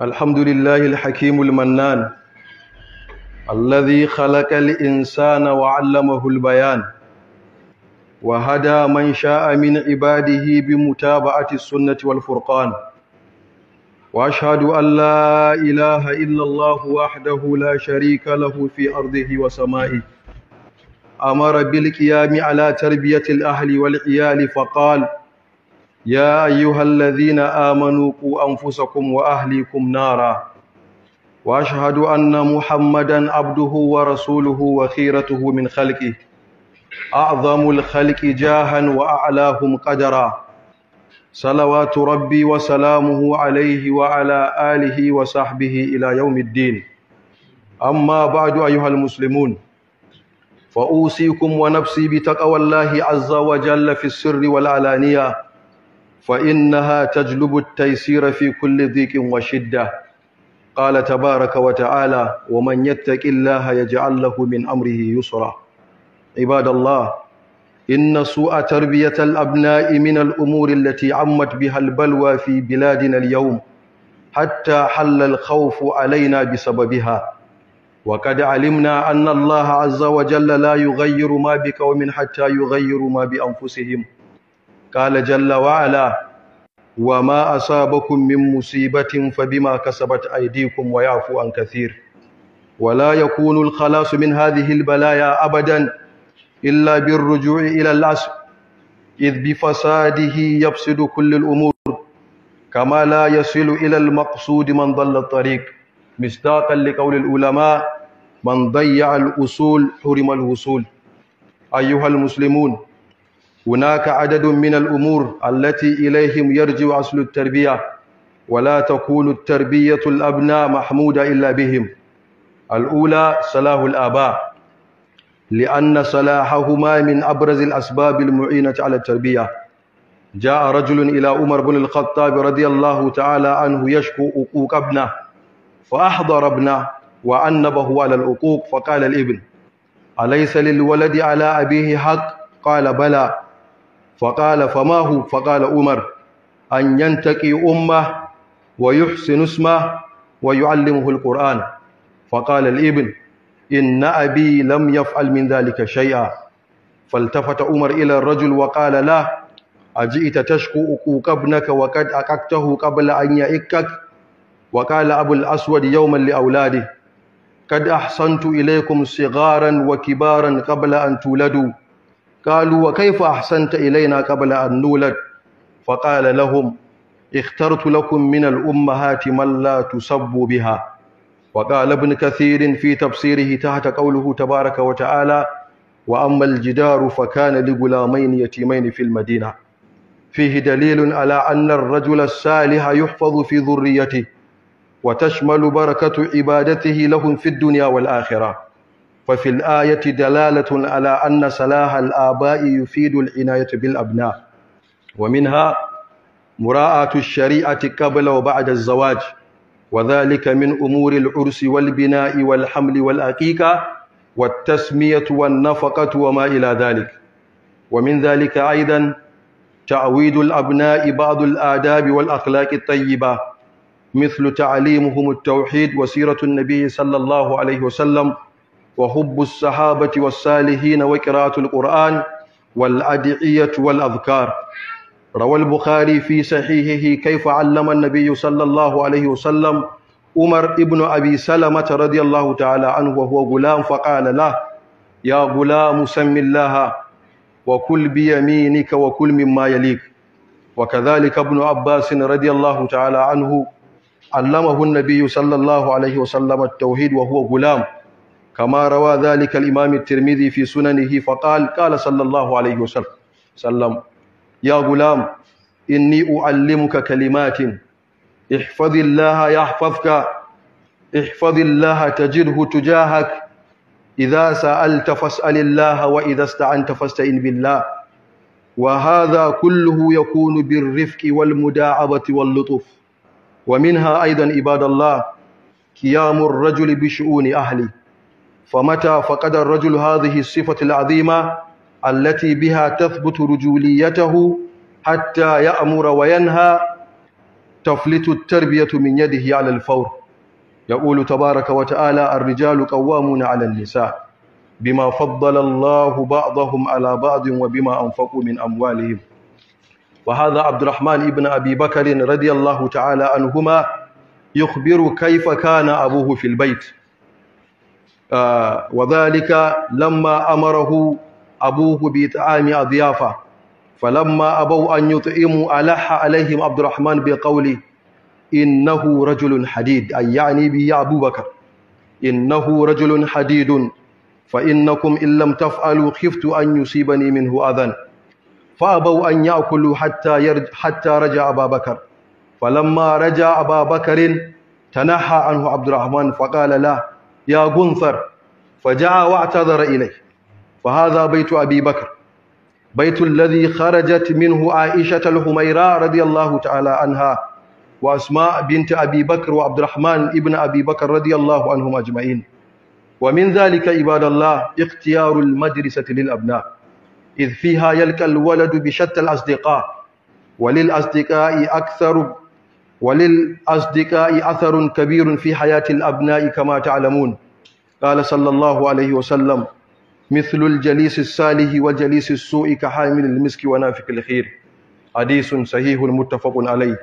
الحمد لله الحكيم المنان الذي خلق الإنسان وعلمه البيان وهدى من شاء من عباده بمتابعة السنة والفرقان وأشهد أن لا إله إلا الله وحده لا شريك له في أرضه وسمائه أمر بالقيام على تربية الأهل والعيال فقال يا أيها الذين آمنوا قوا أنفسكم وأهليكم نارا وأشهد أن محمدا عبده ورسوله وخيرته من خلقه أعظم الخلق جاها وأعلاهم قدرا صلوات ربي وسلامه عليه وعلى آله وصحبه إلى يوم الدين أما بعد أيها المسلمون فأوصيكم ونفسي بتقوى الله عز وجل في السر والعلانية فإنها تجلب التيسير في كل ضيق وشدة قال تبارك وتعالى ومن يتق الله يجعل له من أمره يسرا عباد الله إن سوء تربية الأبناء من الأمور التي عمت بها البلوى في بلادنا اليوم حتى حل الخوف علينا بسببها وقد علمنا أن الله عز وجل لا يغير ما بقوم حتى يغيروا ما بأنفسهم قال جل وعلا وما أصابكم من مصيبة فبما كسبت أيديكم ويعفو عن كثير ولا يكون الخلاص من هذه البلايا أبدا إلا بالرجوع إلى الأصل إذ بفساده يفسد كل الأمور كما لا يصل إلى المقصود من ضل الطريق مصداقا لقول العلماء من ضيع الأصول حرم الوصول أيها المسلمون هناك عدد من الأمور التي إليهم يرجع أصل التربية ولا تكون التربية الأبناء محمودة إلا بهم الأولى صلاح الآباء لأن صلاحهما من أبرز الأسباب المعينة على التربية جاء رجل إلى عمر بن الخطاب رضي الله تعالى عنه يشكو أقوق ابنه فأحضر ابنه وأنبه على الأقوق فقال الابن أليس للولد على أبيه حق قال بلى فقال فماه فقال عمر أن ينتقي أمه ويحسن اسمه ويعلمه القرآن فقال الابن إن أبي لم يفعل من ذلك شيئا فالتفت عمر إلى الرجل وقال له أجئت تشكو أقوك ابنك وقد أقكته قبل أن يئكك وقال أبو الأسود يوما لأولاده قد أحسنت إليكم صغارا وكبارا قبل أن تولدوا قالوا وكيف أحسنت إلينا قبل أن نولد فقال لهم اخترت لكم من الأمهات من لا تسبوا بها وقال ابن كثير في تفسيره تحت قوله تبارك وتعالى وأما الجدار فكان لغلامين يتيمين في المدينة فيه دليل على أن الرجل الصالح يحفظ في ذريته وتشمل بركة عبادته لهم في الدنيا والآخرة ففي الآية دلالة على أن صلاح الآباء يفيد العناية بالأبناء ومنها مراعاة الشريعة قبل وبعد الزواج وذلك من أمور العرس والبناء والحمل والعقيقة والتسمية والنفقة وما إلى ذلك ومن ذلك أيضا تعويد الأبناء بعض الآداب والأخلاق الطيبة مثل تعليمهم التوحيد وسيرة النبي صلى الله عليه وسلم وحب الصحابة والصالحين وقراءة القرآن والأدعية والأذكار روى البخاري في صحيحه كيف علم النبي صلى الله عليه وسلم عمر ابن أبي سلمة رضي الله تعالى عنه وهو غلام فقال له يا غلام سم الله وكل بيمينك وكل مما يليك وكذلك ابن عباس رضي الله تعالى عنه علمه النبي صلى الله عليه وسلم التوحيد وهو غلام كما روى ذلك الإمام الترمذي في سننه فقال قال صلى الله عليه وسلم يا غلام إني أعلمك كلمات احفظ الله يحفظك احفظ الله تجده تجاهك إذا سألت فاسأل الله وإذا استعنت فاستعن بالله وهذا كله يكون بالرفق والمداعبة واللطف ومنها أيضا عباد الله قيام الرجل بشؤون أهله فمتى فقد الرجل هذه الصفة العظيمة التي بها تثبت رجوليته حتى يأمر وينهى تفلت التربية من يده على الفور يقول تبارك وتعالى الرجال قوامون على النساء بما فضل الله بعضهم على بعض وبما أنفقوا من أموالهم وهذا عبد الرحمن ابن أبي بكر رضي الله تعالى عنهما يخبر كيف كان أبوه في البيت wa zalika lamma amarahu abuhu bi ta'ami adiyafa falamma abaw an yut'imu alaha alaihim abdurrahman bi qawli innahu rajulun hadid ay ya'ni bi abubakar innahu rajulun hadidun fa innakum in lam taf'alu khiftu an yusibani minhu adhan fa abaw an ya'kulu hatta hatta raja ababakar falamma raja Babakarin ababakarin tanaha anhu fa faqala la ya gunthar faja'a wa atazara ilai fa hadha baitu abi bakr baitu alladhi kharajat minhu aisha al-humaira radiyallahu ta'ala anha wa asma Binta abi wa abdurrahman ibn abi bakr radiyallahu anhum ajma'in wa min dhalika ibadallah ikhtiyaru al-madrasati lil abna idh fiha yalqa al-waladu bi shatta al-asdiqa wa lil asdiqa'i وللأصدقاء أثر كبير في حياة الأبناء كما تعلمون قال صلى الله عليه وسلم مثل الجليس الصالح وجليس السوء كحامل المسك ونافق الخير حديث صحيح متفق عليه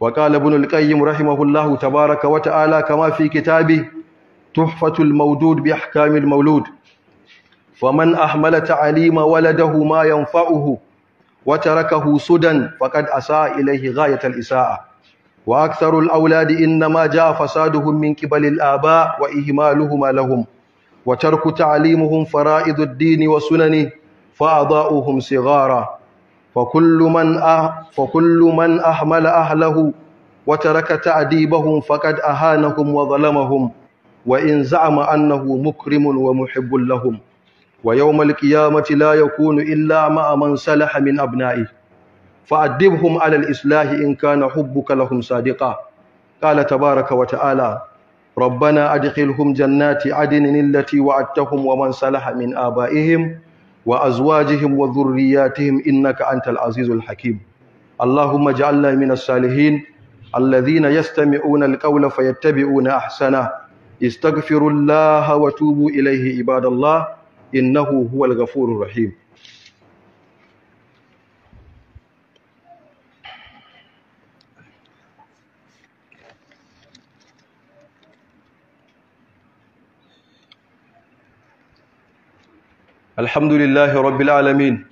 وقال ابن القيم رحمه الله تبارك وتعالى كما في كتابه تحفة المودود بأحكام المولود فمن أحمل تعليم ولده ما ينفعه وتركه سدى فقد أساء إليه غاية الإساءة wa aktharul auladi inma jaa fasaduhum min qibalil aba wa ihmaluhum lahum wa tarku ta'limuhum fara'idud dini, wa sunani fa adaa'uhum sighara fa kullu man ah fa kullu man ahmala ahlahu wa taraka ta'dibahum faqad ahanahum wa zalamahum wa in za'ama annahu mukrimun wa muhibbul lahum wa yawmal qiyamati la yakunu illa ma'a man salaha min abna'ihi فأدبهم على الإصلاح إن كان حبك لهم صادقا قال تبارك وتعالى ربنا أدخلهم جنات عدن التي وعدتهم ومن صلح من آبائهم وأزواجهم وذرياتهم إنك أنت العزيز الحكيم اللهم اجعلنا من الصالحين الذين يستمعون القول فيتبعون أحسنه استغفروا الله وتوبوا إليه عباد الله إنه هو الغفور الرحيم الحمد لله رب العالمين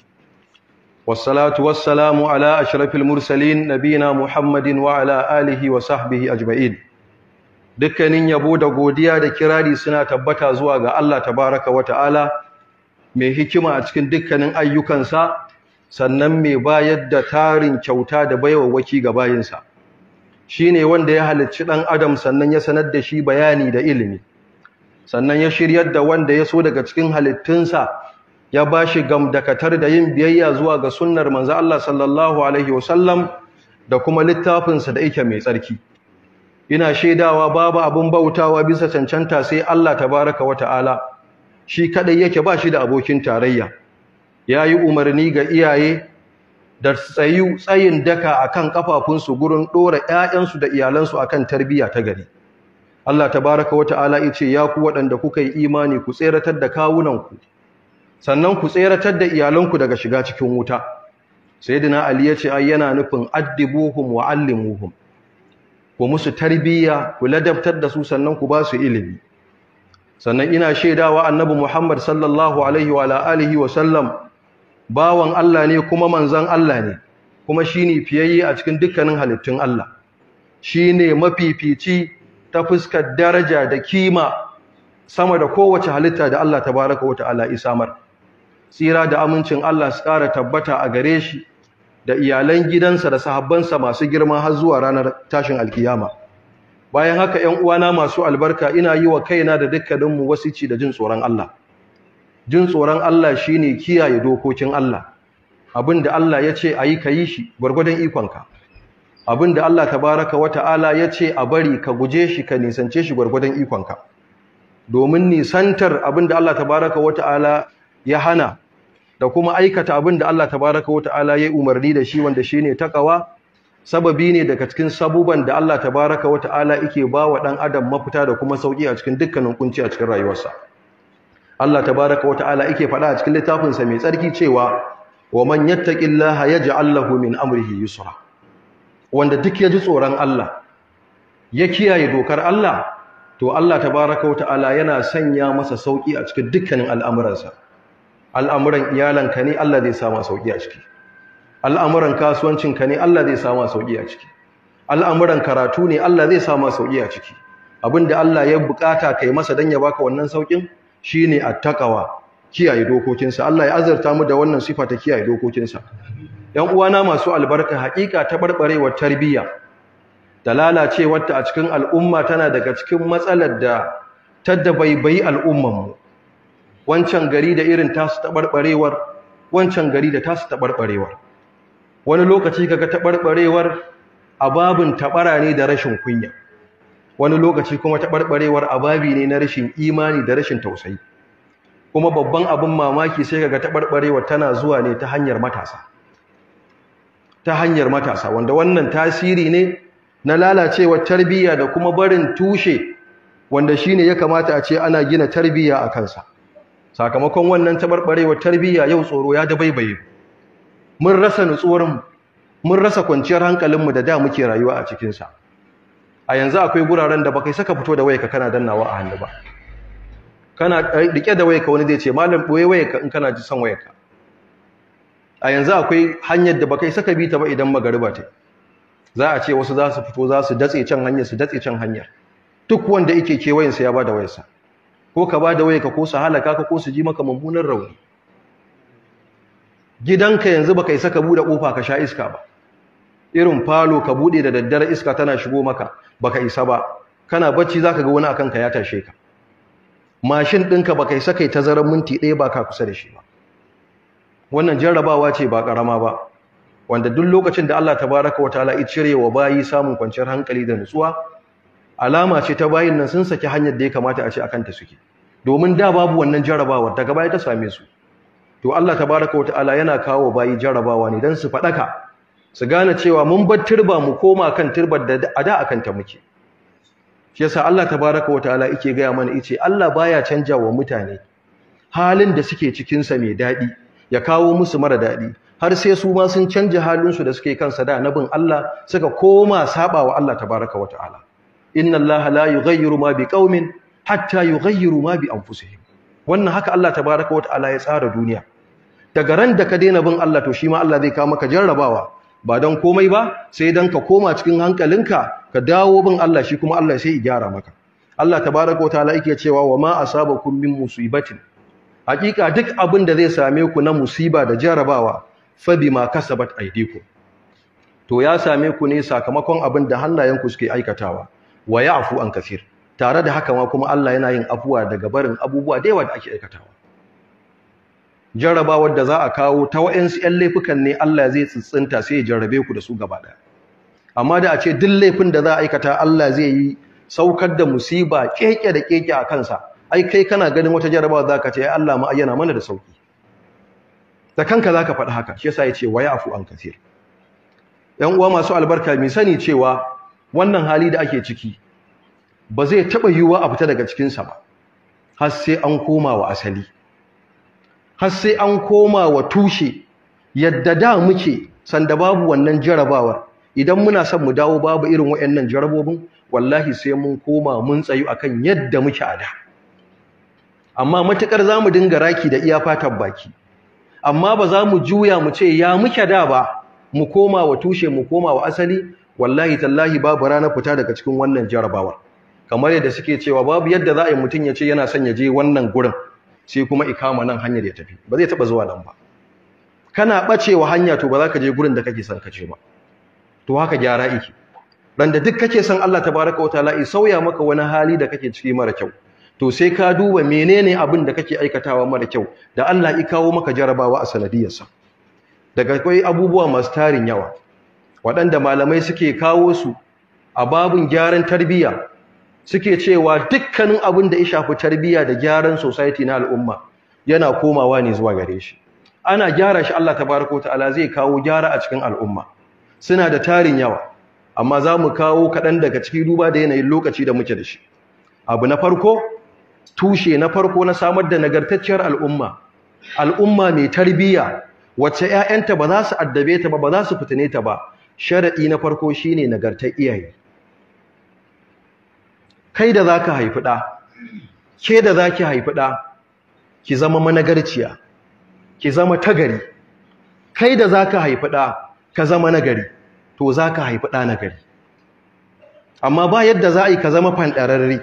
والصلاة والسلام على أشرف المرسلين نبينا محمد وعلى آله وصحبه أجمعين dukkanin yabo da godiya da kirari suna tabbata zuwa ga Allah tabaraka wa ta'ala mai hikima a cikin dukkanin ayyukansa sannan mai bayar da tarin kyauta da baiwa waki ga bayinsa shine wanda ya halicci ɗan adam sannan ya sanar da shi bayani da ilimi sannan ya shiryar da wanda ya so daga cikin halittunsa ya ba bashi gamdakatar da yin biyayya zuwa ga sunnar manzo Allah sallallahu alaihi wasallam da kuma littafinsa da yake mai tsarki ina shaidawa babu abin bautawa bisa cancanta sai Allah tabaraka wa shi kaɗai yake ba shi da abokin tarayya yayi umarni ga iyaye da tsayu tsayin daka akan kafafunsu gurin ɗora 'ya'yansu da iyalansu akan tarbiyya ta gari Allah tabaraka wa ta'ala yace ya ku waɗanda kuka yi imani ku tseratar da kawunanku sannan ku tseratar da iyalanku daga shiga cikin wuta sayyidina ali ya ce ai yana nufin addibuhum wa allimuhum ku musu tarbiyya ku ladabtar da su sannan ku ba su ilimi sannan ina shaidawa annabi muhammad sallallahu alaihi wa alihi wa sallam bawan Allah ne kuma Manzon Allah ne kuma shine fiyayye a cikin dukkanin halittun Allah shine mafifici ta fuskar daraja da kima sama da kowace halitta da Allah tabaraka wa ta'ala isamar tsira da amincin Allah su ƙara tabbata a gare shi da iyalan gidansa da sahabbansa masu girma har zuwa ranar tashin alkiyama bayan haka 'yan uwana masu albarka ina yi wa kaina da dukkaninmu wasici da jin tsoron Allah jin tsoron Allah shine kiyaye dokokin Allah abinda Allah ya ce ayi yi shi gwargwadon ikonka abinda Allah tabaraka ta'ala ya ce a bari ka guje shi ka nisance shi gwargwadon ikonka domin nisantar abinda Allah tabaraka ta'ala ya hana da kuma aikata abin da Allah tabaraka ya ya umarni da shi wanda shi ne takawa sababi ne daga cikin sabuban da Allah tabaraka ta’ala ike ba wa ɗan adam mafita da kuma sauƙi a cikin dukkanin kunci a cikin rayuwarsa Allah tabaraka ta’ala ike faɗa a cikin littafinsa mai tsarki cewa wa man ji allah min amrihi yusra wanda duk ya ji tsoron Allah ya kiyaye dokar Allah to Allah tabaraka ta’ala yana sanya masa sauƙi a cikin dukkanin al'amuransa al'amuran iyalanka ne Allah zai sama sauƙi a ciki al'amuran kasuwancinka ne Allah zai sama sauƙi a ciki al'amuran karatu ne Allah zai sama sauƙi a ciki da Allah ya bukata kai masa dan ya baka wannan sauƙin shine takawa kiyaye dokokinsa Allah ya azarta mu da wannan sifa ta kiyaye dokokinsa ‘yan uwana masu albarka haƙiƙa ta barbarewar tarbiyya da lalacewarta a cikin al'umma tana daga cikin matsalar da ta dabaibayi al'ummanmu wancan gari da irin tasu taɓarɓarewar wancan gari da tasu taɓarɓarewar wani lokaci kaga taɓarɓarewar a babin taɓara ne da rashin kunya wani lokaci kuma taɓarɓarewar a babi ne na rashin imani da rashin tausayi kuma babban abin mamaki sai kaga taɓarɓarewar tana zuwa ne ta hanyar matasa ta hanyar matasa wanda wannan tasiri ne na lalacewar tarbiyya da kuma barin tushe wanda shine ya kamata a ce ana gina tarbiyya a kansa sakamakon wannan tabarbarewa tarbiyya yau tsoro ya dabaibaye mun rasa nutsuwar mun rasa kwanciyar hankalinmu da da muke rayuwa a cikinsa a yanzu akwai guraren da baka saka fito da wayaka kana dannawa a hannu ba kana eh, rike da wayaka wani zai ce malam ɓoye wayaka in kana ji son wayaka. a yanzu akwai hanyar da baka saka bi ta ba idan magariba ta za a ce wasu za su fito za su datse can hanyar su datse can hanyar duk wanda yake kewayensa ya ba da wayarsa ko ka ba da ka ko su halaka ka ko su ji maka mummunan rauni gidanka yanzu baka isa ka bude kofa ka sha iska ba irin falo ka bude da daddare iska tana shigo maka baka isa ba kana bacci zaka ga wani akan ka ya tashe ka mashin ɗinka baka isa kai tazaran minti ɗaya ba ka kusa da shi ba wannan jarrabawa ce ba karama ba wanda duk lokacin da Allah tabaraka wa ta'ala ya cire wa bayi samun kwanciyar hankali da nutsuwa alama ce ta bayin nan sun saki hanyar da ya kamata a ce akan ta suke domin da babu wannan jarabawa daga baya ta same su to Allah tabaraka wa ta'ala yana kawo bayi jarabawa ne dan su faɗaka su gane cewa mun bar turba mu koma kan turbar da a da akan ta muke shi yasa Allah tabaraka wa ta'ala yake gaya mana yace Allah baya canja wa mutane halin da suke cikin sa mai dadi ya kawo musu mara dadi har sai su ma sun canja su da suke kansa da nabin Allah suka koma saɓawa Allah Allah tabaraka wa ta'ala inna allaha la yughayyiru ma biqaumin hatta yughayyiru ma bi anfusihim wannan haka Allah tabaaraka wataala ya tsara duniya daga ran da ka daina bin Allah to shi ma Allah zai kawo maka jarrabawa ba dan komai ba sai dan ka koma cikin hankalinka ka dawo bin Allah shi kuma Allah sai ya gyara maka Allah tabaaraka wataala yake cewa wa ma asabakum min musibatin hakika duk abin da zai same ku na musiba da jarrabawa fa bima kasabat aydikum to ya same ku ne sakamakon abin da hannayenku suke aikatawa wa ya'fu an kafir tare da haka ma kuma Allah yana yin afuwa daga barin abubuwa da yawa da ake aikatawa jarrabawar da za a kawo ta wa'ansu ɗan laifukan ne Allah zai tsitsinta sai ya jarrabe ku da su gaba ɗaya amma da a ce duk laifin da za a aikata Allah zai yi saukar da musiba keke da keke a kansa ai kai kana ganin wata jarrabawa za ka ce ai Allah ma ayyana mana da sauki da kanka za ka faɗi haka shi yasa ya ce wa ya'fu an kafir ‘yan uwa masu albarka mai sani cewa wannan hali da ake ciki ba zai taɓa yiwuwa a fita daga cikinsa ba har sai an koma wa asali har sai an koma wa tushe yadda da muke sanda babu wannan jarabawar idan muna son mu dawo babu irin waɗannan jarabobin wallahi sai mun koma mun tsayu akan yadda muke a da amma matukar zamu dinga raki da iya fatan baki amma ba za mu juya mu ce ya muke da ba mu koma wa tushe mu koma wa asali wallahi tallahi babu rana fita daga cikin wannan jarabawar kamar yadda suke cewa babu yadda za a yi mutum ya ce yana son ya je wannan gurin sai kuma ikama nan hanyar ya tafi ba zai taɓa zuwa nan ba kana ɓacewa hanya to ba za ka je gurin da kake son ka je ba to haka gyara iki randa duk kake son Allah tabaraka wa ta'ala i sauya maka wani hali da kake ciki mara kyau to sai ka duba menene abin da kake aikatawa mara kyau da Allah i kawo maka jarabawa a sanadiyarsa daga akwai abubuwa masu tarin yawa waɗanda malamai suke kawo su a babin gyaran tarbiyya suke cewa dukkanin abin da ya shafi tarbiyya da gyaran society na al'umma yana komawa ne zuwa gare shi ana gyara shi Allah tabaraka ta'ala zai kawo gyara a cikin al'umma suna da tarin yawa amma za mu kawo kaɗan daga ciki duba da yanayin lokaci da muke da shi abu na farko tushe na farko na samar da nagartacciyar al'umma al'umma mai tarbiyya wacce 'ya'yanta ba za su addabe ta ba ba za su fitine ta ba sharaɗi na farko shi ne nagartar iyaye kai da za ka haifi ɗa ke da za ki haifi ɗa ki zama managarciya ki zama tagari kai da za ka haifi ɗa ka zama nagari to za ka haifi ɗa nagari amma ba yadda za a yi ka zama fanɗararri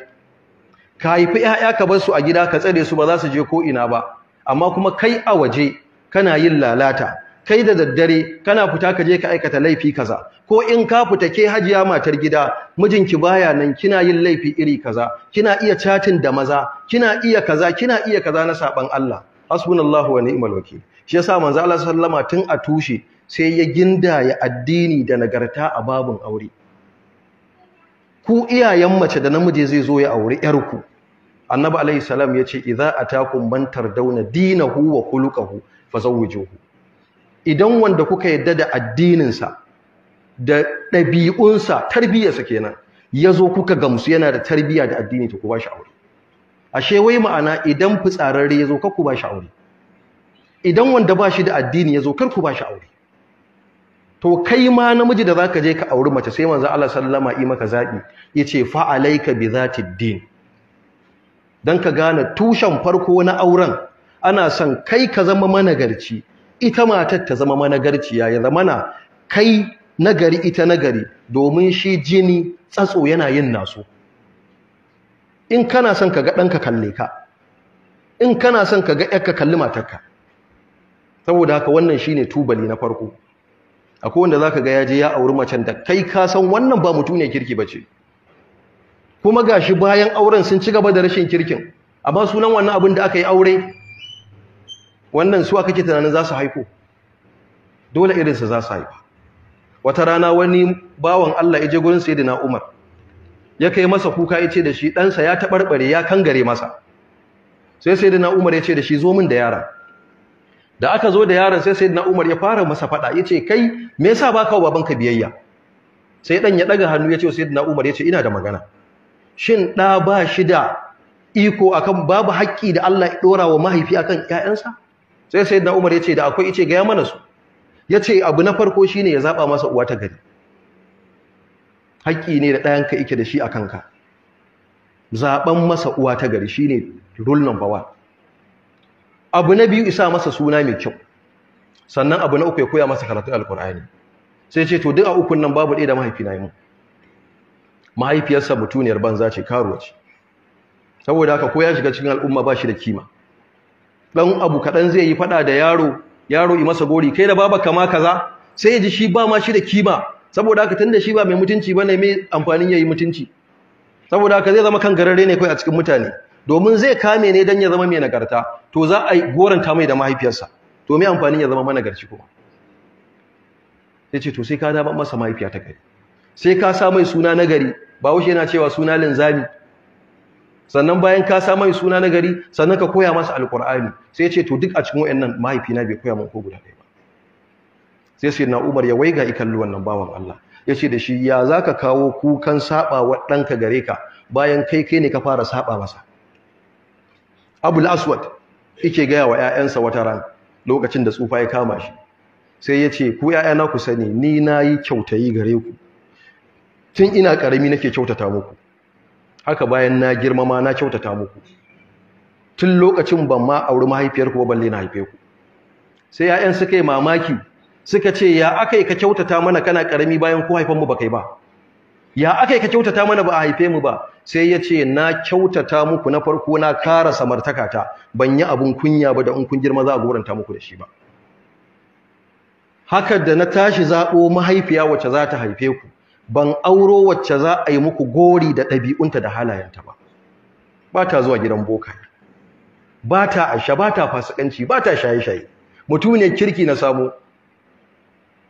ka haifi 'ya'ya ka bar su a gida ka tsare su ba za su je ko'ina ba amma kuma kai a waje kana yin lalata kai da daddare kana fita ka je ka aikata laifi kaza ko in ka fita ke hajiya matar gida mijinki baya nan kina yin laifi iri kaza kina iya chatin da maza kina iya kaza kina iya kaza na saban Allah hasbunallahu wa ni'mal wakil shi yasa manzo Allah sallama tun a tushe sai ya gindaya addini da nagarta a babun aure ku iyayen mace da namiji zai zo ya aure yarku annabi alaihi salam yace idza atakum bantar dauna dinahu wa khuluquhu fazawwijuhu idan wanda kuka yadda da addininsa da ɗabi'unsa tarbiyyarsa kenan ya zo kuka gamsu yana da tarbiyya da addini ta ku ba shi aure ashe wai ma'ana idan fitsararre ya zo kar ku ba shi aure idan wanda ba shi da addini ya zo kar ku ba shi aure to kai ma namiji da zaka je ka auri mace sai manzo Allah sallama yi maka zabi yace fa alayka bi zati din dan ka gane tushen farko na auren ana son kai ka zama managarci ita matar ta zama managarciya ya zama na kai nagari ita nagari domin shi jini tsatso yana yin naso in kana son ka ga ɗanka kalle ka in kana son ka ga ƴarka kalli matarka saboda haka wannan shi ne tubali na farko akwai wanda ka ga yaje ya auri macen da kai ka san wannan ba mutu ne kirki ba ce. kuma gashi bayan auren sun ci gaba da rashin kirkin amma sunan wannan abin da aka yi aure wannan suwa kake tunanin za su haifo dole irinsa za su haifa wata rana wani bawan Allah ije gurin dina Umar ya kai masa kuka ce da shi ɗansa ya taɓarɓare ya kangare masa sai dina Umar ya ce da shi zo min da yaron da aka zo da yaron sai dina Umar ya fara masa fada yace kai me yasa baka wa babanka biyayya sai ɗan ya ɗaga hannu ya ce yace dina Umar ce ina da magana shin ɗa ba shi da iko akan babu haƙƙi da Allah ya dora wa mahaifi akan ƴaƴansa sai da Umar ya ce da akwai ice gaya mana su ya ce abu na farko shine ya zaba masa uwa ta gari haƙƙi ne da ɗayanka ike da shi a kanka zaɓen masa uwa ta gari ne rule number abu na biyu isa masa suna mai kyau sannan abu na uku ya koya masa karatun alkur'ani sai ce to duk a ukun nan babu ɗaya da mahaifina yi mu mahaifiyarsa mutuniyar banza ce karuwa ce saboda haka ko ya shiga cikin al'umma ba shi da kima dan abu kaɗan zai yi faɗa da yaro yaro yi masa gori kai da baba kama kaza sai ya ji shi ba ma shi da kima saboda haka tunda shi ba mai mutunci bane mai amfanin yayi mutunci saboda haka zai zama kan gararre ne kai a cikin mutane domin zai kame ne dan ya zama mai nagarta to za a goranta mai da mahaifiyarsa to mai amfanin ya zama managarci kuma yace to sai ka ba masa mahaifiya ta gari sai ka sa mai suna nagari ba wuce yana cewa suna linzami sannan bayan ka sa mai suna na gari sannan ka koya masa alkur'ani sai ya ce to duk a cikin wayannan mahaifina bai koya min ko guda ɗaya ba sai sai na Umar ya waiga luwan nan bawan Allah ya ce da shi ya za ka kawo kukan saba wa ɗanka gare ka bayan kai kai ne ka fara saba masa Abul Aswad ike gaya wa ƴaƴansa wata ran lokacin da tsufa ya kama shi sai ya ce ku yayana ku sani ni na yi kyautayi gare ku tun ina ƙarami nake kyautata muku haka bayan na girmama na kyautata muku tun lokacin ban ma auri mahaifiyarku ba balle na haife ku sai 'ya'yan suka yi mamaki suka ce ya aka yi ka kyautata mana kana karami bayan ko haifanmu ba kai ba ya aka yi ka kyautata mana ba a haife mu ba sai ya ce na kyautata muku na farko na kara samartakata, ban yi abun kunya ba da in kun girma za a goranta muku da shi ba haka da na tashi zaɓo mahaifiya wacce za ta haife ku ban auro wacce za a yi muku gori da ɗabi'unta da halayenta ba ba ta zuwa gidan boka ba ta asha ba ta fasikanci ba ta shaye-shaye mutum ne kirki na samu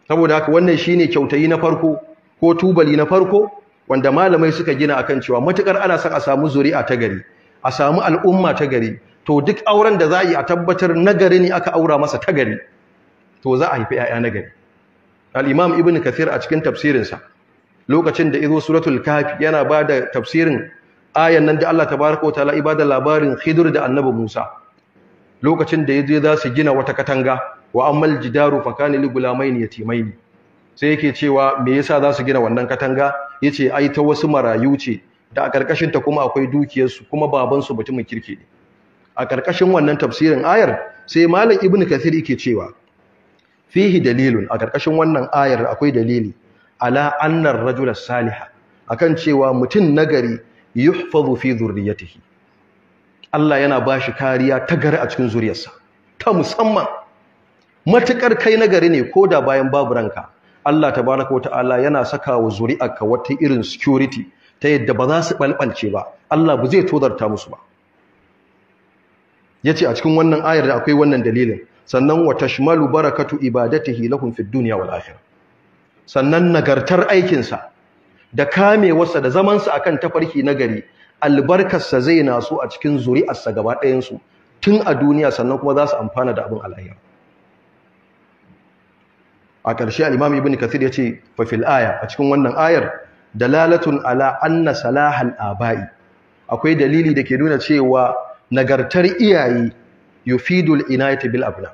saboda haka wannan shi ne kyautayi na farko ko tubali na farko wanda malamai suka gina akan cewa matukar ana son a samu zuri'a ta gari a samu al'umma ta gari to duk auren da za a yi a tabbatar nagari ne aka aura masa tagari, gari to za a haifi 'ya'ya nagari Alimam ibn kathir a cikin tafsirinsa lokacin da izo suratul kafi yana ba da tafsirin ayan nan da Allah tabaraka wa ta'ala ibada labarin khidr da annabi Musa lokacin da yaje za su gina wata katanga wa amal jidaru fa kana li gulamain yatimain sai yake cewa me yasa za su gina wannan katanga yace ai ta wasu marayu ce da a karkashin ta kuma akwai dukiyar su kuma baban su mutumin kirki ne a karkashin wannan tafsirin ayar sai malam ibnu kathir yake cewa fihi dalilun a karkashin wannan ayar akwai dalili ala annar rajula saliha akan cewa mutum nagari yuhfazu fi zurriyatihi Allah yana ba shi kariya ta gari a cikin zuriyarsa ta musamman matukar kai nagari ne ko da bayan babu ranka Allah tabaraka wa ta'ala yana saka wa zuri'arka wata irin security ta yadda ba za su balbalce ba Allah ba zai tozarta musu ba yace a cikin wannan ayar da akwai wannan dalilin sannan wa tashmalu barakatu ibadatihi lahum fid duniya wal akhirah sannan nagartar aikinsa da kamewarsa da zamansa akan tafarki na gari albarkarsa zai naso a cikin zuri'arsa gaba ɗayansu tun a duniya sannan kuma za su amfana da abin alayyar a ƙarshe al'imam ibn kathir ya ce fafil aya a cikin wannan ayar dalalatun ala anna salahal aba'i akwai dalili da ke nuna cewa nagartar iyaye yufidul inayati bil abna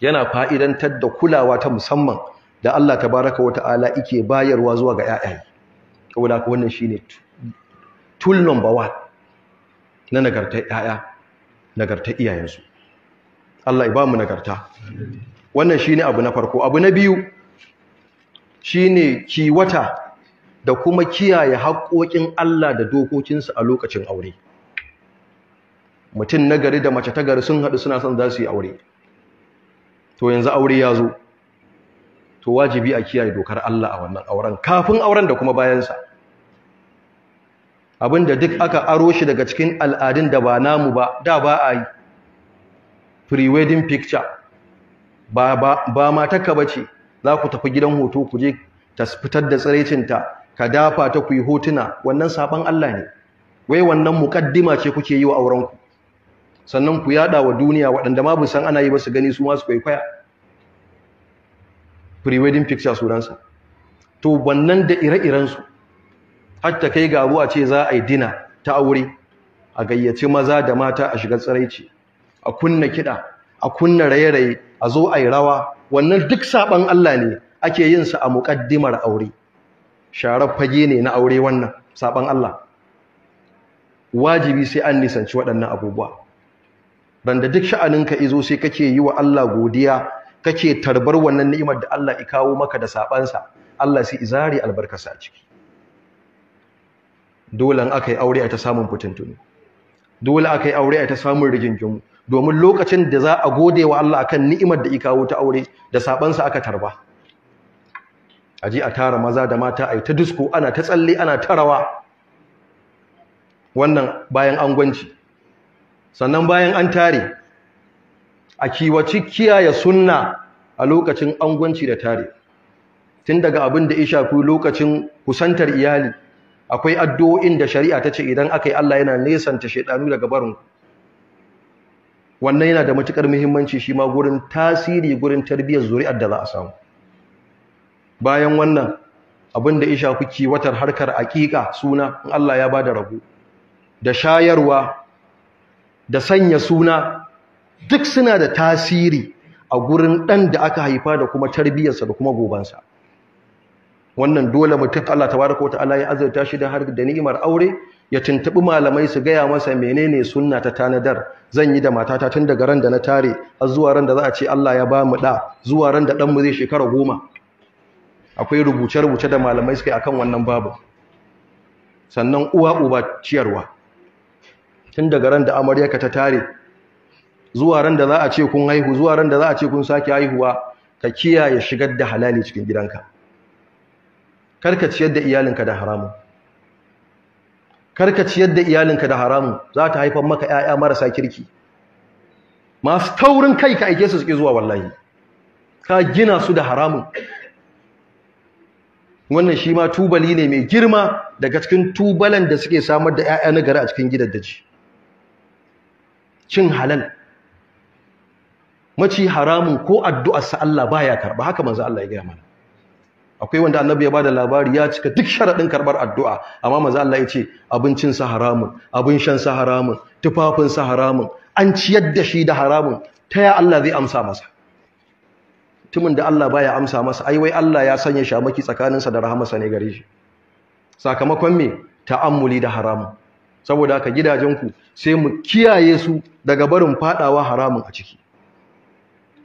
yana fa'idantar da kulawa ta musamman da Allah Ta baraka tabaraka ta'ala ike bayarwa zuwa ga ƴaƴaye saboda haka wannan shine tool number 1 na nagarta ƴaƴa nagarta iyayensu Allah ya ba nagarta wannan shine abu na farko abu na biyu shine kiwata da kuma kiyaye haƙoƙin Allah da dokokinsa a lokacin aure mutum nagari da mace ta gari sun haɗu suna son za su yi aure to yanzu aure ya zo to wajibi a kiyaye dokar Allah a wannan auren kafin auren da kuma bayansa abinda duk aka aro shi daga cikin al'adun da ba namu ba da ba a yi pre-wedding picture ba matakka ba ce za ku tafi gidan hoto ku je ta fitar da tsiraicinta ka dafa ta ku yi hotuna wannan sabon Allah ne wai wannan mukaddima ce kuke yi wa aurenku sannan ku yada wa duniya waɗanda ma bu san ana yi ba su gani su masu kwaikwaya pre-wedding picture sunansa to wannan da ire-irensu hatta kai gabu a ce za a yi dina ta aure a gayyace maza da mata a shiga tsiraici a kunna kiɗa a kunna raye-raye a zo a yi rawa wannan duk saɓan Allah ne ake yin sa a muƙaddimar aure sharar fage ne na aure wannan saɓan Allah wajibi sai an nisanci waɗannan abubuwa banda duk sha'aninka izo sai kake yi wa Allah godiya kake tarbar wannan ni'imar da Allah ya kawo maka da sabansa Allah sai izari albarkarsa a ciki dole akai aure a ta samun fitintunu dole aka aure a ta samun rigingimu domin lokacin da za a gode wa Allah akan ni'imar da ya kawo ta aure da sabansa aka tarba aje a tara maza da mata ai ta disko ana ta tsalle ana tarawa wannan bayan an gwanci sannan bayan an tare a kiwaci kiyaye sunna a lokacin angwanci da tare tun daga abin da ya shafi lokacin kusantar iyali akwai addu'o'in da shari'a ta ce idan aka yi Allah yana nesanta shaidanu daga barin wannan yana da matukar muhimmanci shi ma gurin tasiri gurin tarbiyyar zuri'ar da za a samu bayan wannan abin da ya shafi kiwatar harkar aƙiƙa suna in Allah ya ba da rabu da shayarwa da sanya suna duk suna da tasiri a gurin ɗan da aka haifa da kuma tarbiyyarsa da kuma gobansa wannan dole mutum Allah tabaraka wata'ala ya azurta shi da har da ni'imar aure ya tuntubi malamai su gaya masa menene sunna ta tanadar zan yi da matata tun daga ran da na tare har zuwa ran da za a ce Allah ya ba mu da zuwa ran da dan zai shekara goma akwai rubuce-rubuce da malamai suka yi akan wannan babu sannan uwa uba ciyarwa tun daga ran da amaryarka ta tare zuwa ran da za a ce kun haihu zuwa ran da za a ce kun sake haihuwa ka kiyaye shigar da halali cikin gidanka karka ciyar da iyalinka da haramun karka ciyar da iyalinka da haramun za ta haifar maka ƴaƴa marasa kirki masu taurin kai ka aike su suke zuwa wallahi ka gina su da haramun wannan shi ma tubali ne mai girma daga cikin tubalan da suke samar da ƴaƴa na gari a cikin gidaddaji cin halal maci haramun ko addu'arsa Allah baya karɓa. haka manzo Allah ya gaya mana akwai wanda annabi ya bada labari ya cika duk sharaɗin karɓar addu'a amma manzo Allah ya ce abincinsa haramun abin shansa haramun tufafinsa haramun an ciyar da shi da haramun ta ya Allah zai amsa masa tumin da Allah baya amsa masa ai wai Allah ya sanya shamaki tsakaninsa da rahamarsa ne gare shi sakamakon me ta'ammuli da haramun saboda haka gidajenku sai mu kiyaye su daga barin fadawa haramun a ciki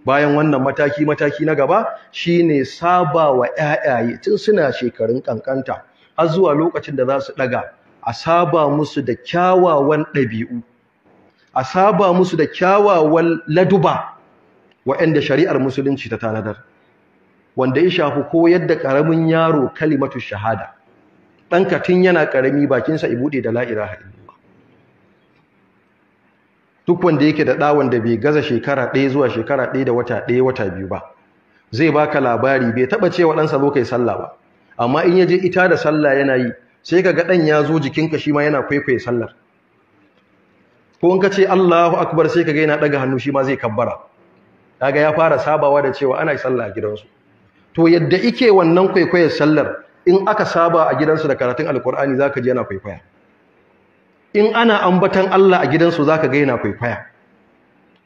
bayan wannan mataki mataki na gaba shine saba wa ƴaƴaye tun suna shekarun kankanta har zuwa lokacin da za su ɗaga a saba musu da kyawawan ɗabi'u a saba musu da kyawawan laduba waɗanda shari'ar musulunci ta tanadar wanda ya shafi ko yadda ƙaramin yaro kalimatu shahada ɗanka tun yana ƙarami bakinsa buɗe da la’ira haɗi. duk wanda yake da ɗa wanda bai gaza shekara ɗaya zuwa shekara ɗaya da wata ɗaya wata biyu ba zai baka labari bai taɓa cewa ɗansa zo kai sallah ba amma in ya je ita da sallah yana yi sai ka ga ɗan ya zo jikinka shi ma yana kwaikwaye sallar ko in ka ce Allahu akbar sai ka ga yana ɗaga hannu shi ma zai kabbara kaga ya fara sabawa da cewa ana sallah a gidansu to yadda ike wannan kwaikwayar sallar in aka saba a gidansu da karatun alkur'ani zaka ji yana kwaikwaya in ana ambatan Allah a gidansu za ka gaina kwaikwaya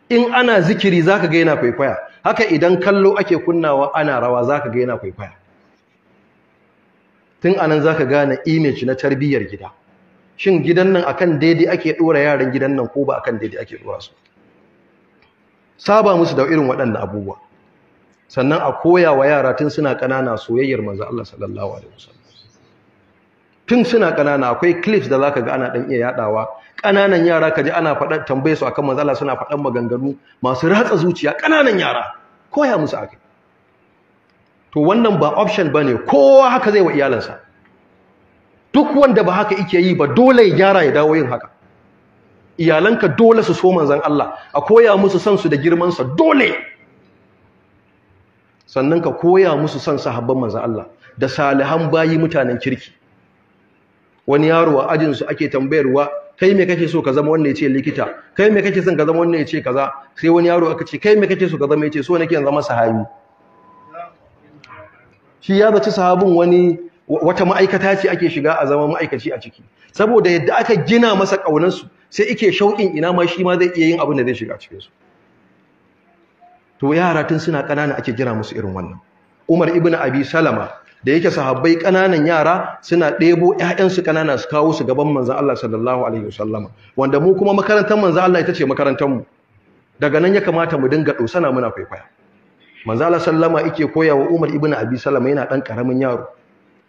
in ana zikiri za ka gaina kwaikwaya haka idan kallo ake kunnawa ana rawa za ka gaina kwaikwaya tun anan za ka gane image na tarbiyyar gida shin gidan nan akan daidai ake dora yaran gidan nan ko ba akan daidai ake dora su saba musu da irin waɗannan abubuwa sannan a koya wa yara tun suna ƙanana soyayyar manzo Allah sallallahu alaihi wasallam tun suna ƙanana akwai clips da za ka ga ana ɗan iya yaɗawa. ƙananan yara ka ji ana faɗa tambaye su akan manzala suna faɗan maganganu masu ratsa zuciya ƙananan yara koya musu akai to wannan ba option ba ne kowa haka zai wa iyalansa duk wanda ba haka yake yi ba dole ya gyara ya dawo yin haka iyalanka dole su so manzon Allah a koya musu san su da girmansa dole sannan ka koya musu san sahabban mazan Allah da salihan bayi mutanen kirki wani yaro a ajin ake tambayarwa kai me kake so ka zama wannan yace likita kai me kake son ka zama wannan yace kaza sai wani yaro aka ce kai me kake so ka zama yace so nake zama sahabi shi ya zaci sahabin wani wata ma'aikata ce ake shiga a zama ma'aikaci a ciki saboda yadda aka gina masa kaunar sai ike shauƙin ina ma shi ma zai iya yin abin da zai shiga cikin su to yara tun suna ƙanana ake gina musu irin wannan Umar ibn Abi Salama da yake sahabbai kananan yara suna ɗebo yayansu kanana su kawo su gaban manzan Allah sallallahu alaihi wasallama wanda mu kuma makarantar manzan Allah ita ce makarantarmu daga nan ya kamata mu dinga sana muna kwaikwaya manzan Allah sallama ike koya wa Umar ibn Abi Salama yana ɗan ƙaramin yaro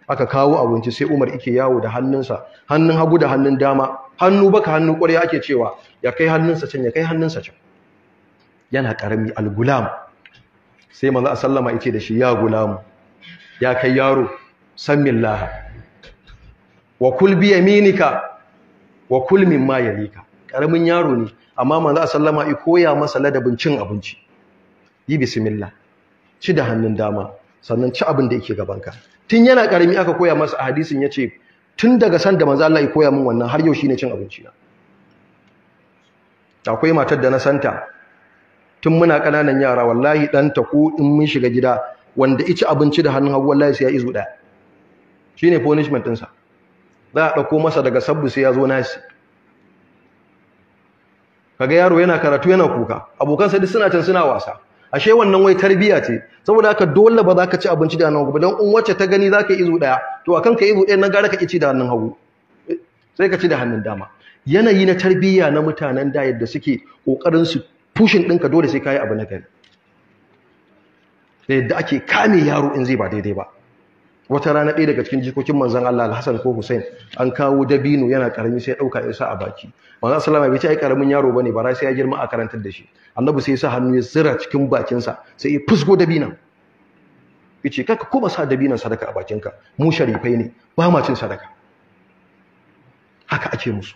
aka kawo abinci sai Umar ike yawo da hannunsa hannun hagu da hannun dama hannu baka hannu ƙwarya ake cewa ya kai hannunsa can ya kai hannunsa can yana ƙarami al-gulam sai manzo sallama ike da shi ya gulamu ya kai yaro sammin laha wa kul bi yaminika wa kul mimma yalika karamin yaro ne amma manzo sallama i koya masa ladabin cin abinci yi bismillah ci da hannun dama sannan ci abin da yake gabanka tun yana karami aka koya masa a hadisin yace tun daga san da manzo Allah ya koya min wannan har yau shine cin abinci na akwai matar da na santa tun muna kananan yara wallahi dan ta ko in mun shiga gida wanda ici abinci da hannun hagu wallahi sai ya izu daya shine punishment ɗinsa za a ɗauko masa daga sabbu sai ya zo nasi kaga yaro yana karatu yana kuka abokan sai suna can suna wasa ashe wannan wai tarbiya ce saboda haka dole ba za ka ci abinci da hannun hagu dan in wacce ta gani za ka izu ɗaya to a kanka izu ɗaya na gara ka ci da hannun hagu sai ka ci da hannun dama yanayi na tarbiya na mutanen da yadda suke kokarin su fushin ɗinka dole sai ka yi abu na gari da yadda ake kame yaro in zai ba daidai ba wata rana ɗaya daga cikin jikokin manzan Allah Alhassan hassan ko Hussein an kawo dabino yana karami sai ɗauka ya sa a baki manzan sallama bai ce ai karamin yaro bane ba. sai ya girma a karantar da shi annabi sai ya sa hannu ya zira cikin bakinsa sai ya fusgo dabinan yace kaka kuma sa dabinan sadaka a bakinka mu sharifai ne ba ma cin sadaka haka ake musu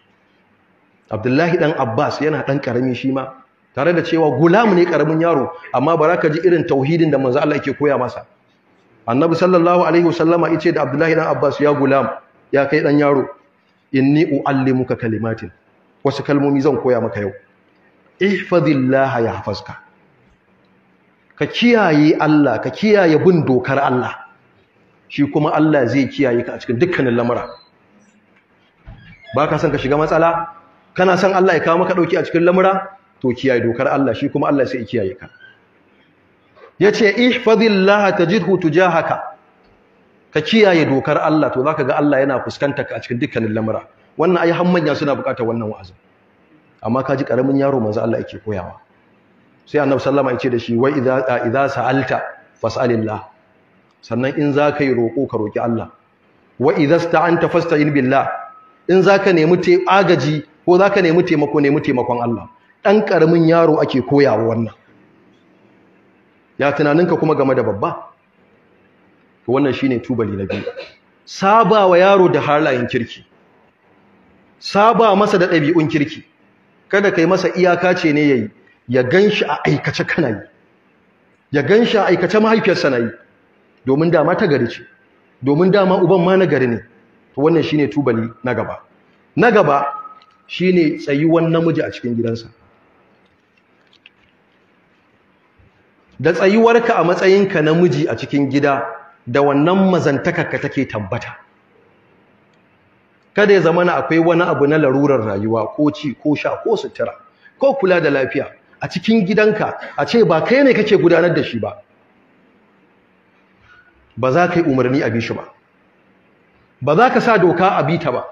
Abdullahi dan Abbas yana dan karami shi ma tare da cewa gulam ne karamin yaro amma ba za ka ji irin tauhidin da manzo Allah yake koya masa annabi sallallahu alaihi wasallama yace da abdullahi dan abbas ya gulam ya kai dan yaro inni uallimuka kalimatin wasu kalmomi zan koya maka yau ihfazillah yahfazka ka kiyaye Allah ka kiyaye bin dokar Allah shi kuma Allah zai kiyaye ka a cikin dukkanin lamura ba ka son ka shiga matsala kana son Allah ya kawo maka dauki a cikin lamura to kiyaye dokar Allah shi kuma Allah sai ya kiyaye ka yace ihfazillaha tajidhu tujahaka ka kiyaye dokar Allah to zaka ga Allah yana fuskanta ka a cikin dukkanin lamura wannan ai har manya suna bukatar wannan wa'azi amma kaji karamin yaro manzo Allah yake koyawa sai annabi sallama yace da shi wa idza idza sa'alta fas'alillah sannan in zaka yi roko ka roki Allah wa idza sta'anta fasta'in billah in zaka nemi agaji ko zaka nemi taimako nemi taimakon Allah ɗan ƙaramin yaro ake koyawa wannan ya tunaninka kuma game da babba wannan shi ne tubali na biyu saba wa yaro da halayen kirki saba masa da ɗabi'un kirki kada ka yi masa iyaka ce ne yayi ya ganshi a aikace kana yi ya ganshi a aikace mahaifiyarsa na yi domin dama ta gari ce domin dama uban ma na gari ne wannan shi ne tubali na gaba na gaba shi shine tsayuwan namiji a cikin gidansa da tsayuwarka a matsayinka namiji a cikin gida da wannan ka take tabbata kada ya zamana akwai wani abu na larurar rayuwa ko ci ko sha ko sutura ko kula da lafiya a cikin gidanka a ce ba kai ne kake gudanar da shi ba ba za ka yi umarni a bishi ba ba za ka sa doka a bita ba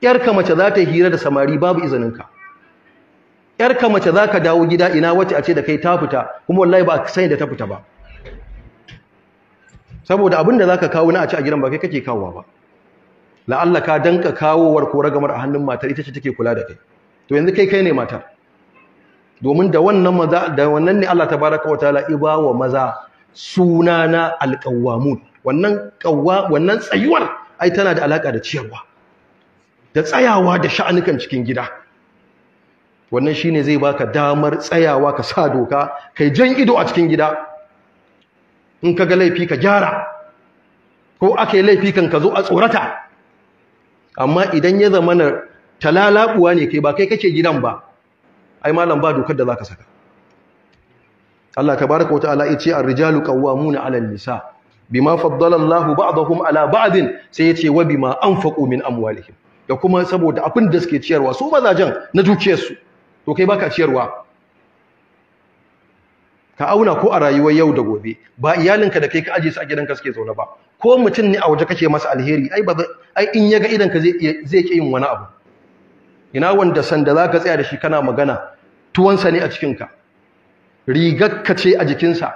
‘yarka mace za ta hira da samari babu izininka Yar yarka mace ka dawo gida ina wace a ce da kai ta fita kuma wallahi ba sai da ta fita ba saboda abin da ka kawo na a ci a gidan ba kai kake kawowa ba la'alla ka danka kawowar ko ragamar a hannun matar ita ce take kula da kai to yanzu kai kai ne matar domin da wannan maza da wannan ne Allah tabaraka wa wa maza suna na alqawamun wannan wannan tsayuwar ai tana da alaƙa da ciyarwa da tsayawa da sha'anukan cikin gida wannan shine zai baka damar tsayawa ka sa doka kai jan ido a cikin gida in ka ga laifi ka gyara ko aka yi laifi kan ka zo a tsorata amma idan ya zama na talalabuwa ne kai ba kai kake gidan ba ai malam ba dokar da zaka saka Allah tabaaraka wa ta'ala yace ar-rijalu qawwamuna 'ala nisa bima faddala Allahu ba'dahum 'ala ba'din sai yace wa bima anfaqu min amwalihim da kuma saboda abin da suke ciyarwa su mazajen na dukiyarsu to kai baka ciyarwa ka auna ko a rayuwar yau da gobe ba iyalinka da kai ka aje su a gidanka suke zaune ba ko mutum ne a waje kake masa alheri ai ba ai in yaga idan ka zai zai ki yin wani abu ina wanda sanda zaka tsaya da shi kana magana tuwansa ne a cikin ka rigakka ce a jikinsa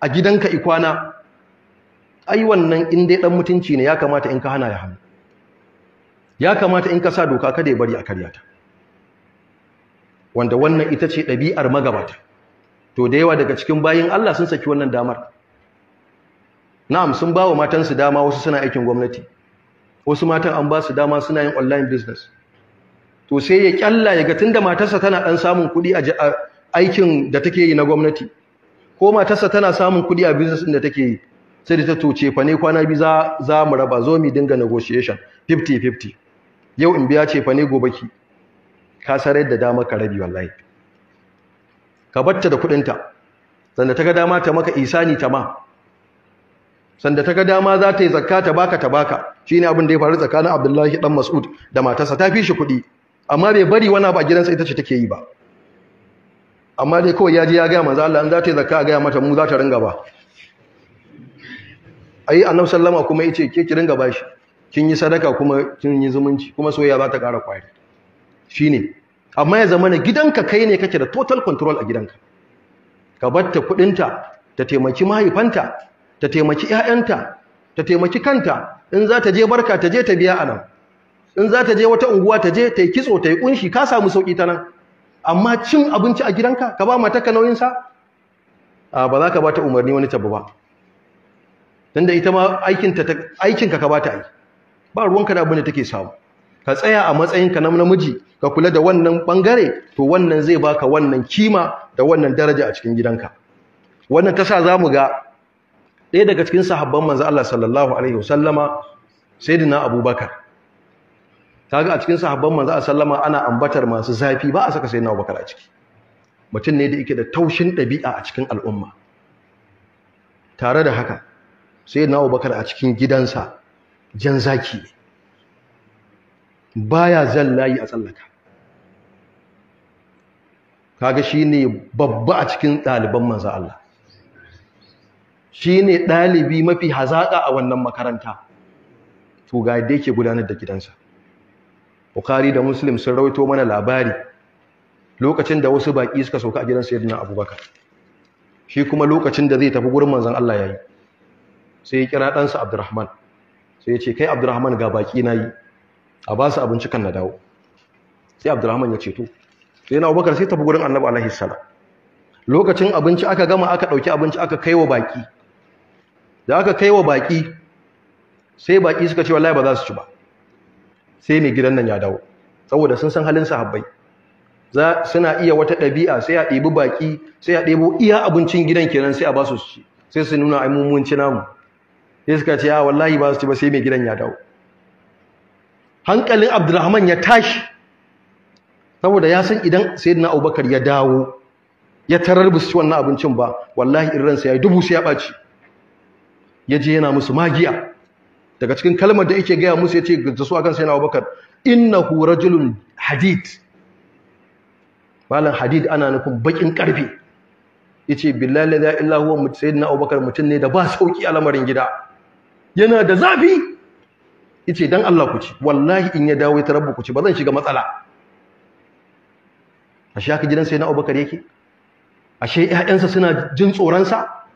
a gidanka ikwana ai wannan in dai dan mutunci ne ya kamata in ka hana ya hannu ya kamata in ka sa doka kada ya bari a karyata wanda wannan ita ce ɗabi'ar magabata to da yawa daga cikin bayin Allah sun saki wannan damar na'am sun ba wa matansu dama wasu suna aikin gwamnati wasu matan an ba su dama suna yin online business to sai ya kyalla ya ga tunda matarsa tana ɗan samun kuɗi a aikin da take yi na gwamnati ko matarsa tana samun kuɗi a business da take yi sai da ta toce fa ne kwana biyu za mu raba zo mu dinga negotiation 50 50 yau in biya ce fa ne gobe ki ka sarar da dama ka rabi wallahi ka batta da kudinta sanda ta ga dama ta maka isani ta ma sanda ta ga dama za ta yi zakka ta baka ta baka shine abin da ya faru tsakanin Abdullahi dan Mas'ud da matarsa ta fi shi kudi amma bai bari wani ba gidansa ita ce take yi ba amma dai kawai ya ji ya gaya manzo Allah an za ta yi zakka gaya mata mu za ta ringa ba ai annabi sallama kuma yace ke ki ringa bashi kin yi sadaka kuma kin yi zumunci kuma soyayya za ta ƙara kwari Shi ne. amma ya zama na gidanka kai ne kake da total control a gidanka ka batta kudinta ta taimaki mahaifanta ta taimaki 'ya'yanta, ta taimaki kanta in za ta je barka ta je ta biya anan in za ta je wata unguwa ta je ta yi kitso ta yi kunshi ka samu sauki ta nan amma cin abinci a gidanka ka ba mataka nauyin sa ba za ka ba ta umarni wani tabba ba tunda ita ma aikinka ka ba ta yi ba ruwanka da abin da take samu ka tsaya a matsayinka na namiji ka kula da wannan bangare to wannan zai baka wannan kima da wannan daraja a cikin gidanka wannan za zamu ga ɗaya daga cikin sahabban manzo Allah sallallahu alaihi wasallama sayyidina Abubakar kaga a cikin sahabban manzo Allah sallama ana ambatar masu zafi ba a saka sayyidina Abubakar a ciki mutum ne da yake da taushin ɗabi'a a cikin al'umma tare da haka sayyidina Abubakar a cikin gidansa jan zaki ne baya zan layi a tsallaka kaga shine babba a cikin ɗaliban manzo Allah Shi ne ɗalibi mafi hazaƙa a wannan makaranta to ga yadda yake gudanar da gidansa Bukhari da Muslim sun rawaito mana labari lokacin da wasu baƙi suka sauka a gidan Sayyidina Abubakar shi kuma lokacin da zai tafi gurin manzon Allah yayi sai ya kira ɗansa Abdurrahman sai ya ce kai Abdurrahman ga baƙi na yi a ba su abinci kan na dawo sai abdurrahman ya ceto sai na abubakar sai tafi gurin annabi alaihi salam lokacin abinci aka gama aka ɗauki abinci aka kai wa baƙi da aka kai wa baƙi sai baƙi suka ce wallahi ba za su ci ba sai mai gidan nan ya dawo saboda sun san halin sahabbai za suna iya wata ɗabi'a sai a ɗebi baƙi sai a ɗebo iya abincin gidan kenan sai a ba su ci sai su nuna ai mun namu sai suka ce ya wallahi ba su ci ba sai mai gidan ya dawo hankalin abdurrahman ya tashi saboda ya san idan sayyidina abubakar ya dawo ya tarar bu ci wannan abincin ba wallahi in ransa ya yi dubu sai ya ɓaci ya je yana musu magiya daga cikin kalmar da yake gaya musu ya ce da su akan sayyidina abubakar hura rajulun hadid malam hadid ana nufin bakin karfe yace billahi la za'a illa huwa sayyidina abubakar mutum ne da ba sauki a lamarin gida yana da zafi yace dan Allah ku ci wallahi in ya dawo ya tarabbu ku ci ba zan shiga matsala ashe haka gidan sai na Abubakar yake ashe ƴaƴansa suna jin tsoron sa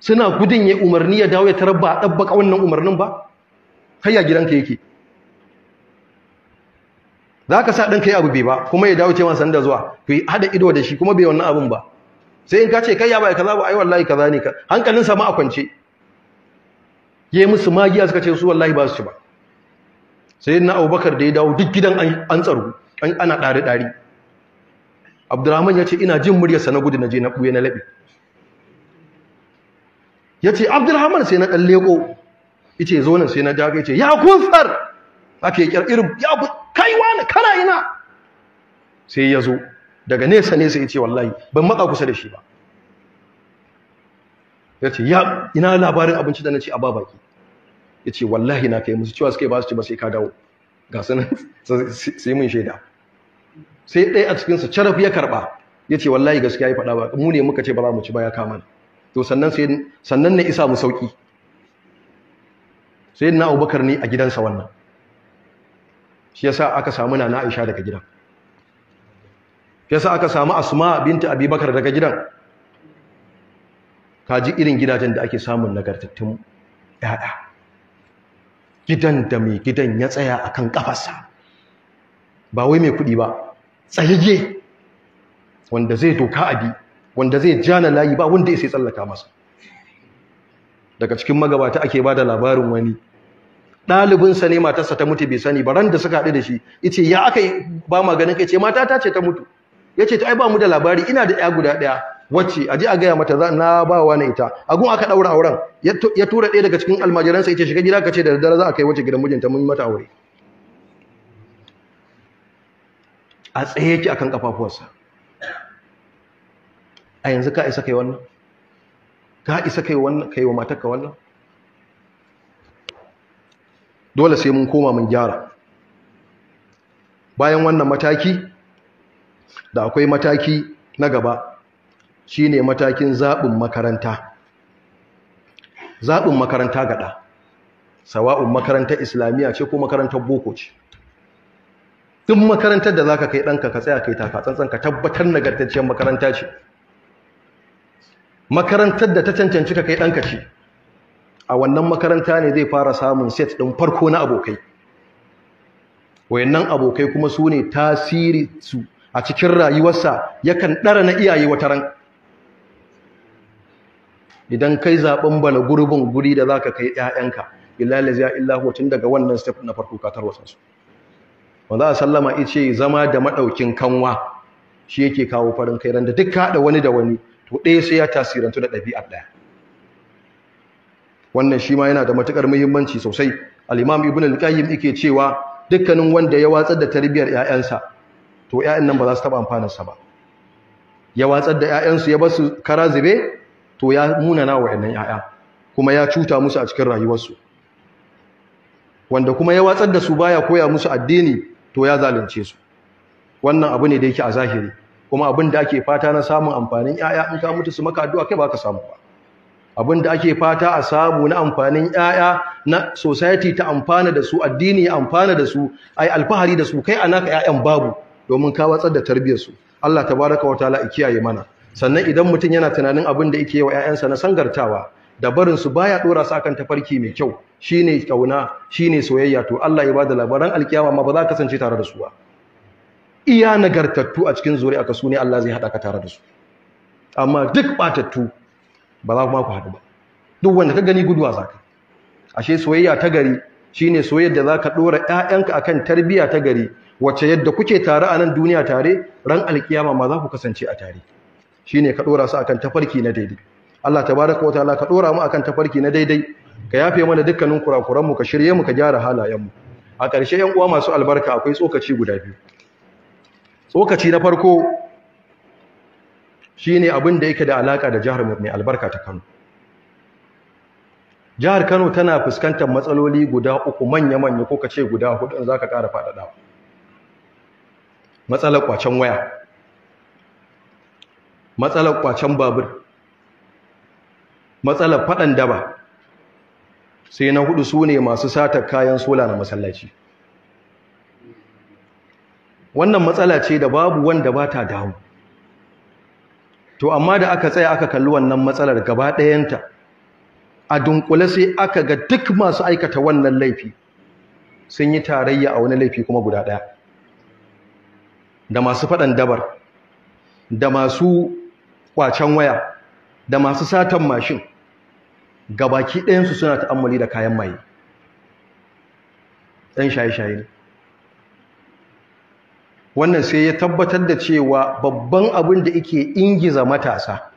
suna gudun ya umarni ya dawo ya tarabba a ka wannan umarnin ba kai ya gidanka yake zaka sa danka yi abu bai ba kuma ya dawo ce masa da zuwa to hada ido da shi kuma bai wannan abun ba sai in ka ce kai ya bai kaza ba ai wallahi kaza ne ka hankalinsa ma a kwance yayi musu magiya suka ce su wallahi ba su ci ba sai na abubakar da ya dawo duk gidan an tsaro ana ɗari-ɗari abdurrahman ya ce ina jin muryarsa na gudu na je na ɓuye na laɓe ya ce abdurrahman sai na ɗan leƙo ice ce zonin sai na jaga ya ce ya kunsar ake ƙyar irin ya kaiwa na kana ina sai ya zo daga nesa nesa ya ce wallahi ban matsa kusa da shi ba ya ce ya ina labarin abinci da na ce a babaki ya ce wallahi na kai musu cewa suke ba su ce ba sai ka dawo ga su sai mun shaida sai ɗaya a cikinsu caraf ya karɓa ya ce wallahi gaskiya ya faɗa ba mu ne muka ce ba za mu ci ba ya kama to sannan sai sannan na isa mu sauki sai na abubakar ne a gidansa wannan shi yasa aka samu na Aisha daga gidan shi yasa aka samu Asma binta Abubakar daga gidan kaji irin gidajen da ake samun nagartattun yaya. gidan da mai gidan ya tsaya a kan ƙafarsa. ba wai mai kuɗi ba tsayayye wanda zai doka abi wanda zai jana layi ba wanda ya sai tsallaka masa daga cikin magabata ake ba da labarin wani ɗalibinsa ne matarsa ta mutu bai sani ba ran da suka haɗu da shi ice ya aka ba maganin kai ce mata ta ce ta mutu ya ce ta ai ba mu da labari ina da ɗaya guda ɗaya wacce ji a gaya mata na ba wa na ita agun aka daura auren ya tura ɗaya daga cikin almajiransa ce shiga gida ka ce da daddare za a kai wacce gidan mijinta mun yi mata aure a tsaye yake akan kafafuwarsa a yanzu ka isa kai wannan ka isa kai wannan kai wa matarka wannan dole sai mun koma mun gyara bayan wannan mataki da akwai mataki na gaba Shi ne matakin zaɓin makaranta zaɓin makaranta gaɗa sawa'un makarantar islamiyya ce ko makarantar boko ce Ɗin makarantar da za ka kai ɗanka ka tsaya kai taka tsantsan ka tabbatar nagartacciyar makaranta ce makarantar da ta cancanci ka kai ɗanka ce a wannan makaranta ne zai fara samun set ɗin farko na abokai wayannan abokai kuma su ne tasiri su a cikin rayuwarsa yakan ɗara na iyaye wata ran idan kai zaɓin bala gurbin guri da za ka kai ƴaƴanka illahi ya illahu tun daga wannan step na farko katar tarwasa su a sallama yace zama da maɗaukin kanwa shi yake kawo farin kai ran da duk kaɗa wani da wani to ɗaya sai ya tasirantu da ɗabi'ar ɗaya wannan shi ma yana da matuƙar muhimmanci sosai al’imam ibn al-qayyim cewa dukkanin wanda ya watsar da tarbiyyar ƴaƴansa to ƴaƴan nan ba za su taɓa amfanarsa sa ba ya watsar da yayansu ya ba su kara zube to ya munana wa waɗannan ‘ya'ya kuma ya cuta musu a cikin rayuwarsu wanda kuma ya watsar da su baya koya musu addini to ya zalunce su wannan abu ne da yake a zahiri kuma abin da ake fata na samun amfanin ‘ya'ya in ka mutu su maka addu'a kai ba ka samu ba abin da ake fata a samu na amfanin ‘ya'ya na society ta amfana da su addini ya amfana da su ai alfahari da su kai a naka ‘ya'yan babu domin ka watsar da tarbiyyarsu Allah tabaraka wa ta'ala ya kiyaye mana sannan idan mutum yana tunanin abin da yake yi wa 'ya'yansa na sangartawa da barin su baya dora su akan tafarki mai kyau shine kauna shine soyayya to Allah ya bada labaran alkiyama ma ba za ka kasance tare da su ba iya nagartattu a cikin zuri'a ka su ne Allah zai hada ka tare da su amma duk batattu ba za kuma ku haɗu ba duk wanda ka gani guduwa za ashe soyayya ta gari shine soyayya da za ka ɗora ‘ya'yanka akan tarbiyya ta gari wacce yadda kuke tare a nan duniya tare ran alkiyama ma za ku kasance a tare Shi ne ka ɗora su akan tafarki na daidai Allah ta baraka wata Allah ka ɗora mu akan tafarki na daidai ka yafe mana dukkanin kurakuranmu ka shirye mu ka gyara halayenmu. a ƙarshe yan uwa masu albarka akwai tsokaci guda biyu tsokaci na farko ne abin da yake da alaƙa da jihar mai albarka ta Kano jihar Kano tana fuskantar matsaloli guda uku manya-manya ko ka ce guda hudu in ka ƙara faɗaɗa matsalar kwacen waya matsalar kwacen babur matsalar faɗan daba sai na hudu su ne masu sata kayan sola na masallaci wannan matsala ce da babu wanda ba ta damu to amma da aka tsaya aka kalli wannan matsalar gaba ɗayanta a dunkule sai aka ga duk masu aikata wannan laifi sun yi tarayya a wani laifi kuma guda ɗaya da masu faɗan dabar da masu Kwacen waya da masu satan mashin gabaki ɗayansu suna ta'ammali da kayan maye ɗan shaye-shaye ne wannan sai ya tabbatar da cewa babban abin da yake ingiza matasa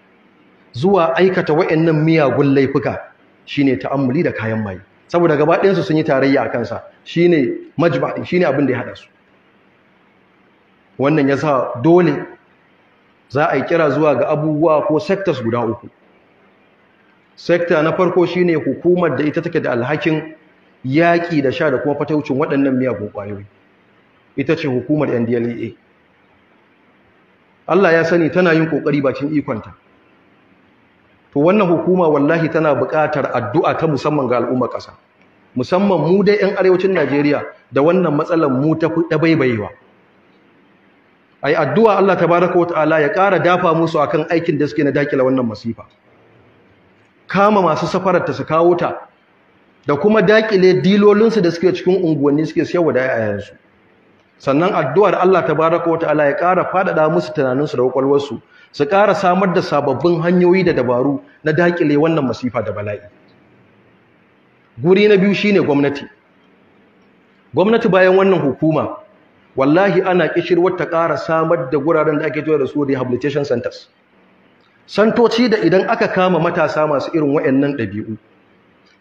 zuwa aikata nan miyagun laifuka shine ta'ammali da kayan maye saboda gaba ɗayansu sun yi tarayya a kansa shine majma'i shine abin da ya haɗa su wannan ya sa dole za a yi kira zuwa ga abubuwa ko sectors guda uku sector na farko shine hukumar da ita take da alhakin yaƙi da sha da kuma fataucin waɗannan miyagun ƙwayoyi ita ce hukumar NDLEA Allah ya sani tana yin ƙoƙari bakin ikonta to wannan hukuma wallahi tana buƙatar addu'a ta musamman ga al'ummar ƙasa musamman mu dai 'yan arewacin Najeriya da wannan matsalar mu ta dabaibayewa ai addu'a Allah baraka wa ta'ala ya ƙara dafa musu a kan aikin da suke na dakila wannan masifa kama masu safarar ta su kawo ta da kuma dakile dilolinsu da suke cikin unguwanni suke siyarwa da yayansu sannan addu'ar Allah baraka wa ta'ala ya ƙara faɗaɗa musu tunaninsu da kwakwalwarsu su ƙara samar da sababbin hanyoyi da dabaru na dakile wannan masifa da bala'i guri na biyu shi ne gwamnati gwamnati bayan wannan hukuma wallahi ana kishirwar ta ƙara samar da guraren da ake tura da su rehabilitation centers santoci da idan aka kama matasa masu irin wayannan ɗabi'u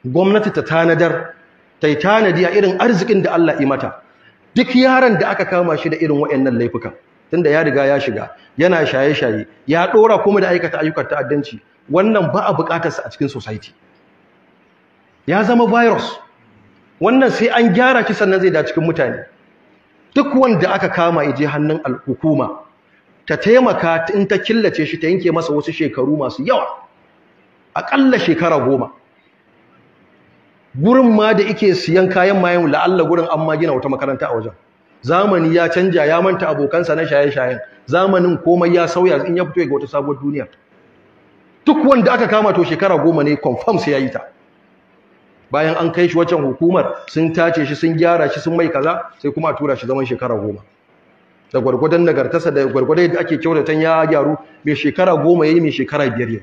gwamnati ta tanadar ta yi tanadi a irin arzikin da Allah yi mata duk yaron da aka kama shi da irin wayannan laifukan tunda ya riga ya shiga yana shaye-shaye ya ɗora kuma da aikata ayyukan ta'addanci wannan ba a buƙatarsa a cikin society ya zama virus wannan sai an gyara shi sannan zai da cikin mutane duk wanda aka kama ije hannun hukuma ta taimaka in ta killace shi ta yanke masa wasu shekaru masu yawa aƙalla shekara goma gurin ma da ike siyan kayan mayan la'alla gurin an ma gina wata makaranta a wajen zamani ya canja ya manta abokansa na shaye-shayen zamanin komai ya sauya in ya fito ga wata sabuwar duniya duk wanda aka kama to shekara goma ne confirm sai ya yi ta bayan an kai shi waccan hukumar sun tace shi sun gyara shi sun mai kaza sai kuma a tura shi zaman shekara goma da gwargwadon nagartarsa da gwargwadon da ake kyautatan ya gyaru mai shekara goma ya yi mai shekara biyar yau.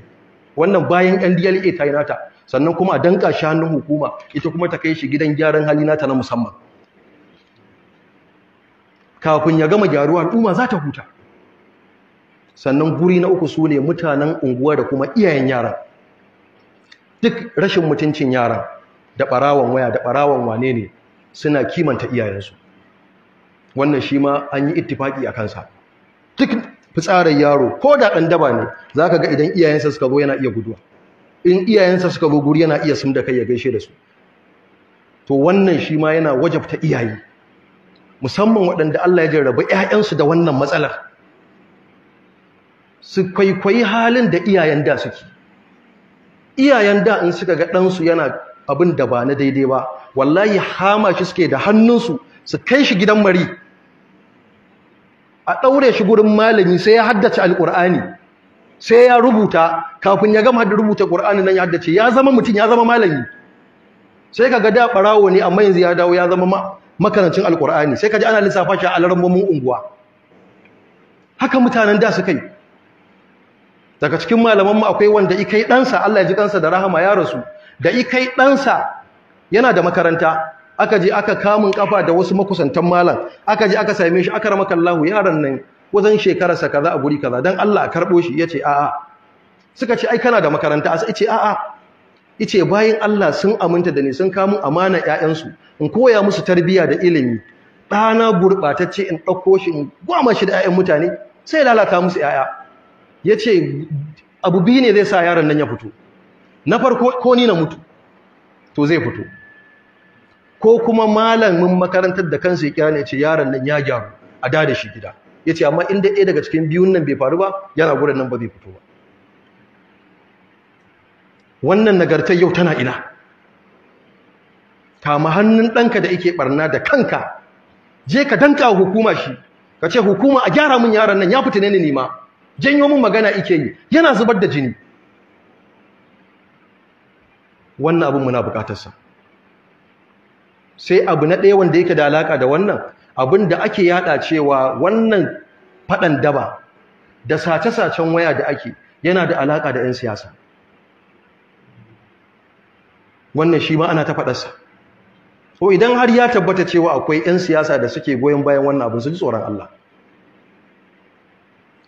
wannan bayan 'yan NDLA ta yi nata sannan kuma a danka shi hannun hukuma ita kuma ta kai shi gidan gyaran hali nata na musamman kafin ya gama gyaruwa al'umma za ta huta sannan guri na uku su ne mutanen unguwa da kuma iyayen yaran duk rashin mutuncin yaran da ɓarawon waya da ɓarawon wane ne suna kimanta iyayensu wannan shi ma an yi ittifaki a kansa duk fitsarar yaro ko da ɗan daba ne za ka ga idan iyayensa suka zo yana iya guduwa in iyayensa suka zo guri yana iya sun da kai ya gaishe da su to wannan shi ma yana wajabta iyaye musamman waɗanda Allah ya jarraba ‘ya'yansu da wannan matsalar su kwaikwayi halin da iyayen da suke iyayen da in suka ga ɗansu yana abin da ba na daidai ba wallahi hama shi suke da hannunsu su kai shi gidan mari a ɗaure shi gurin malami sai ya haddace alƙur'ani sai ya rubuta kafin ya gama da rubuta ƙur'ani nan ya haddace ya zama mutum ya zama malami sai ka ga da ɓarawo ne amma yanzu ya dawo ya zama makarancin alƙur'ani sai ka ji ana lissafa shi a alarambomin unguwa haka mutanen da su kai daga cikin malaman mu akwai wanda ikai ɗansa Allah ya ji kansa da rahama ya rasu da ikai ɗansa yana da makaranta aka je aka kamun ƙafa da wasu makusantan malam aka je aka same shi aka rama kallahu yaran nan wajen shekararsa kaza a guri kaza dan Allah a karɓo shi Ya ce a'a suka ce ai kana da makaranta a sai ce a'a ce bayan Allah sun aminta da ni sun kamun amana 'ya'yansu in koya musu tarbiyya da ilimi ɗana gurɓatacce in ɗauko shi in gwama shi da 'ya'yan mutane sai lalata musu Ya yace abu biyu ne zai sa yaron nan ya fito na farko ko ni na mutu to zai fito ko kuma malamin makarantar da kansa ya kira ne ce yaron nan ya gyaru a da da shi gida ya ce amma inda ɗaya daga cikin biyun nan bai faru ba yana gurin nan ba zai fito ba wannan nagartar yau tana ina kama hannun ɗanka da ike ɓarna da kanka je ka danka hukuma shi ka ce hukuma a gyara min yaron nan ya fita ne ni ma janyo min magana ike yi yana zubar da jini wannan abin muna bukatarsa sai abu na ɗaya wanda yake da alaƙa da wannan abin da ake yada cewa wannan faɗan daba da sace-sacen waya da ake yana da alaƙa da 'yan siyasa wannan shi ma ana ta faɗarsa ko idan har ya tabbata cewa akwai 'yan siyasa da suke goyon bayan wannan abin su ji tsoron Allah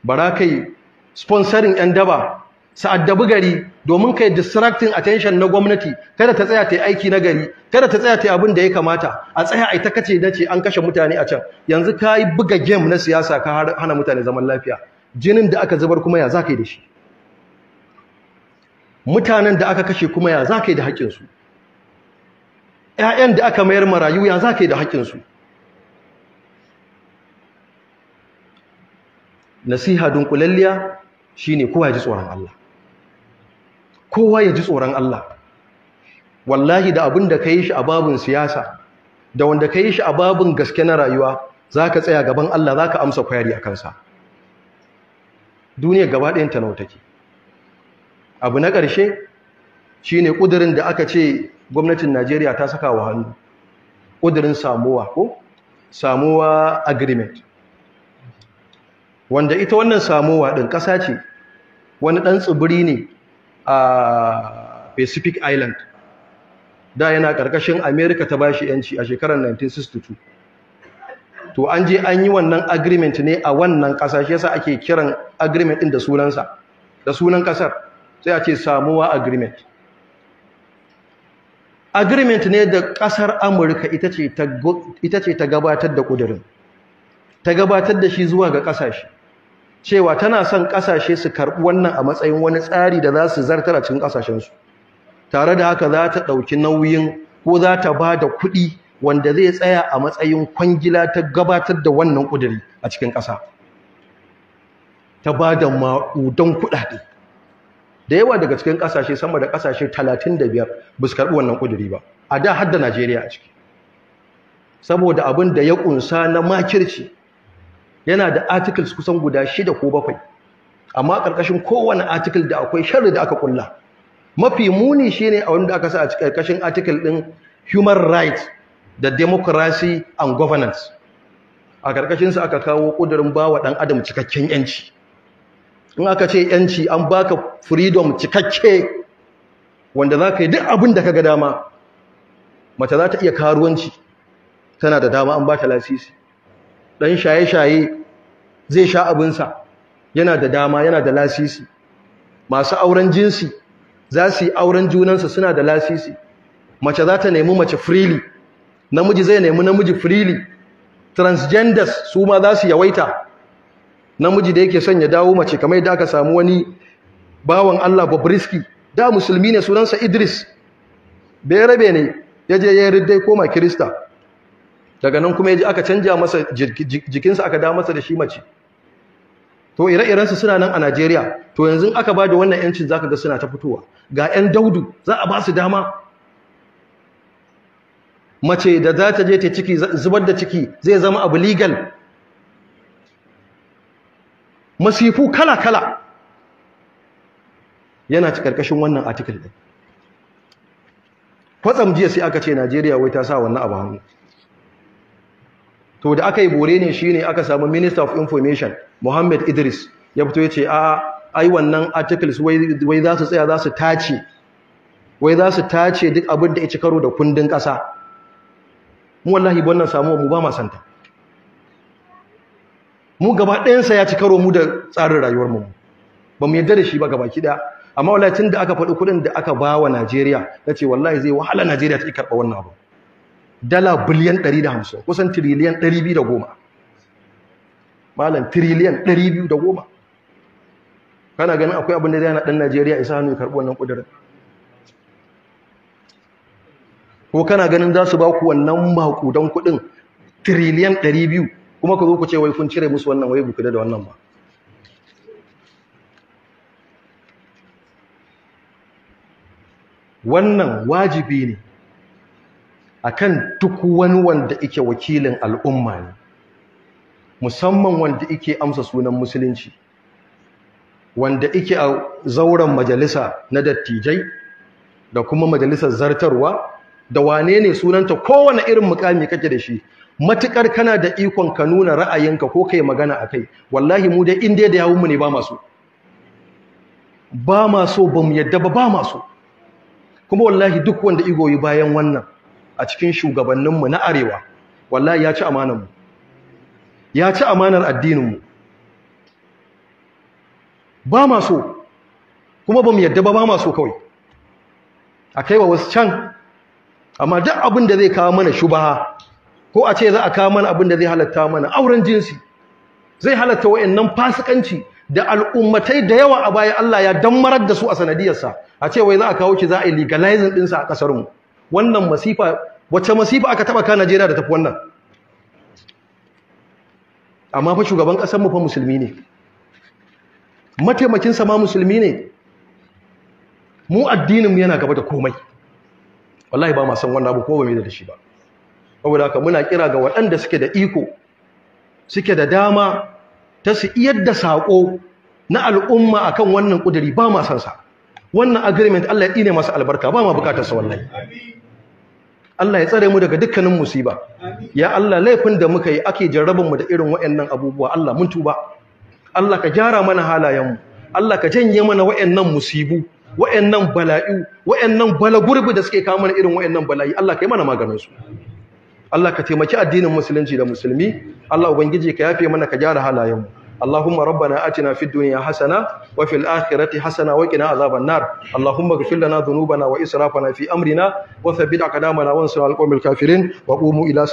bara kai sponsorin 'yan daba su addabi gari domin kai distracting attention na gwamnati kada ta tsaya ta yi aiki na gari kada ta tsaya ta yi abin da ya kamata a tsaya a ita kace ce an kashe mutane a can yanzu ka yi buga game na siyasa ka hana mutane zaman lafiya jinin da aka zubar kuma ya za ka da shi mutanen da aka kashe kuma ya za ka yi da haƙƙinsu ‘ya'yan da aka mayar marayu ya za ka yi da haƙƙinsu nasiha dunkulalliya shi ne kowa ji tsoron Allah kowa ya ji tsoron Allah wallahi da abin da ka yi shi a babin siyasa da wanda ka yi shi a babin gaske na rayuwa za ka tsaya gaban Allah za ka amsa kwayari a kansa duniya gaba ɗayan ta ke abu na ƙarshe shi ne ƙudurin da aka ce gwamnatin najeriya ta saka wa hannu ƙudurin samuwa ko samuwa agreement wanda ita wannan samuwa ɗin ƙasa ce wani ɗan tsibiri ne a Pacific Island da yana karkashin America ta bashi yanci a shekarar 1962 to an je an yi wannan agreement ne a wannan kasa shi yasa ake kiran agreement din da sunansa da sunan ƙasar sai a ce samuwa agreement agreement ne da ƙasar Amurka ita ce ta gabatar da kudirin ta gabatar da shi zuwa ga ƙasashe cewa tana son kasashe su karbi wannan a matsayin wani tsari da za su zartar a cikin kasashensu tare da haka za ta ɗauki nauyin ko za ta ba da kuɗi wanda zai tsaya a matsayin kwangila ta gabatar da wannan kuduri a cikin ƙasa ta ba da ma'udon kuɗaɗe da yawa daga cikin ƙasashe sama da ƙasashe 35 ba su karɓi wannan kuduri ba a da har da Najeriya a ciki saboda abin da ya ƙunsa na makirci yana da articles kusan guda shida ko bakwai amma ƙarƙashin kowane article da akwai sharri da aka kulla mafi muni shine a wanda aka sa a ƙarƙashin article ɗin human rights da democracy and governance a ƙarƙashinsa aka kawo ƙudurin bawa ɗan adam cikakken yanci in aka ce yanci an baka freedom cikakke wanda za ka yi duk abin da ka ga dama mace za ta iya karuwanci tana da dama an ba ta lasisi ɗan shaye-shaye zai sha abinsa yana da dama yana da lasisi masu auren jinsi za su yi auren junansa suna da lasisi mace za ta nemi mace firili. namiji zai nemi namiji firili. transgenders su ma za su yawaita namiji da yake son ya dawo mace kamar da aka samu wani bawan Allah Babriski da musulmi ne sunansa Idris berabe ne ya je ya riddai koma Kirista daga nan kuma ya ji aka canja masa jikinsa aka da masa da shi mace to ire-irensu suna nan a Najeriya to yanzu aka ba da wannan yancin zaka ga suna ta fitowa ga 'yan daudu za a ba su dama mace da za ta je ta ciki zubar da ciki zai zama abu legal masifu kala-kala yana ci karkashin wannan article ɗin kwatsam jiya sai aka ce Najeriya wai ta sa wannan abu hannu to da aka yi bore ne shine aka samu minister of information Muhammad Idris ya fito yace a ai wannan articles wai za su tsaya za su tace wai za su tace duk abin da ya ci karo da kundin ƙasa mu wallahi wannan samuwa mu ba ma santa mu gaba ɗayansa ya ci karo mu da tsarin rayuwar mu ba mu yadda da shi ba gaba ki amma wallahi tun da aka faɗi kuɗin da aka ba wa Najeriya na ce wallahi zai wahala Najeriya ta karɓa wannan abu dala biliyan 150 kusan triliyan 210 malam triliyan 210 kana ganin akwai abin da zai na ɗan Najeriya isa hannu ya karɓi wannan kudirin ko kana ganin za su ba ku wannan maƙudan kuɗin triliyan 200 kuma ka zo ku ce wai kun cire musu wannan wai buku da wannan ba wannan wajibi ne akan duk wani wanda yake wakilin al'umma ne musamman wanda ike amsa sunan musulunci wanda ike a zauren majalisa na dattijai da kuma majalisar zartarwa da wane ne sunanta kowane irin mukami kake da shi matukar kana da ikon ka nuna ra'ayinka ko kai magana akai wallahi mu dai in dai da yawun mu ne ba masu ba masu ba mu yadda ba ba masu. kuma wallahi duk wanda igoyi bayan wannan a cikin shugabanninmu na arewa wallahi ya ci mu. ya ci amanar addininmu ba maso so kuma ba mu yadda ba ba kawai a kai wa wasu can amma duk abin da zai kawo mana shubaha ko a ce za a kawo mana abin da zai halatta mana auren jinsi zai halatta wayannan fasikanci da al'ummatai da yawa a baya Allah ya dammarar da su a sanadiyarsa a ce wai za a kawo ki za a yi legalizing ɗinsa a ƙasarmu wannan masifa wacce masifa aka taba ka Najeriya da tafi wannan amma fa shugaban kasar mu fa musulmi ne mataimakin sa ma musulmi ne mu addinin mu yana gaba da komai wallahi ba ma san wannan abu ko ba mai da shi ba saboda haka muna kira ga waɗanda suke da iko suke da dama ta su iyar da sako na al'umma akan wannan kuduri ba ma san sa wannan agreement Allah ya dine masa albarka ba ma bukatar sa wallahi Allah ya tsare mu daga dukkanin musiba ya Allah laifin da muka yi ake jarrabar mu da irin waɗannan abubuwa Allah mun tuba Allah ka gyara mana halayenmu Allah ka janye mana waɗannan musibu waɗannan bala'u waɗannan balagurbi da suke kawo mana irin waɗannan bala'i Allah ka yi mana maganin su Allah ka taimaki addinin musulunci da musulmi Allah ubangiji ka yafe mana ka gyara halayenmu اللهم ربنا آتنا في الدنيا حسنة وفي الآخرة حسنة وقنا عذاب النار اللهم اغفر لنا ذنوبنا وإسرافنا في أمرنا وثبت أقدامنا وانصرنا على القوم الكافرين وقوموا إلى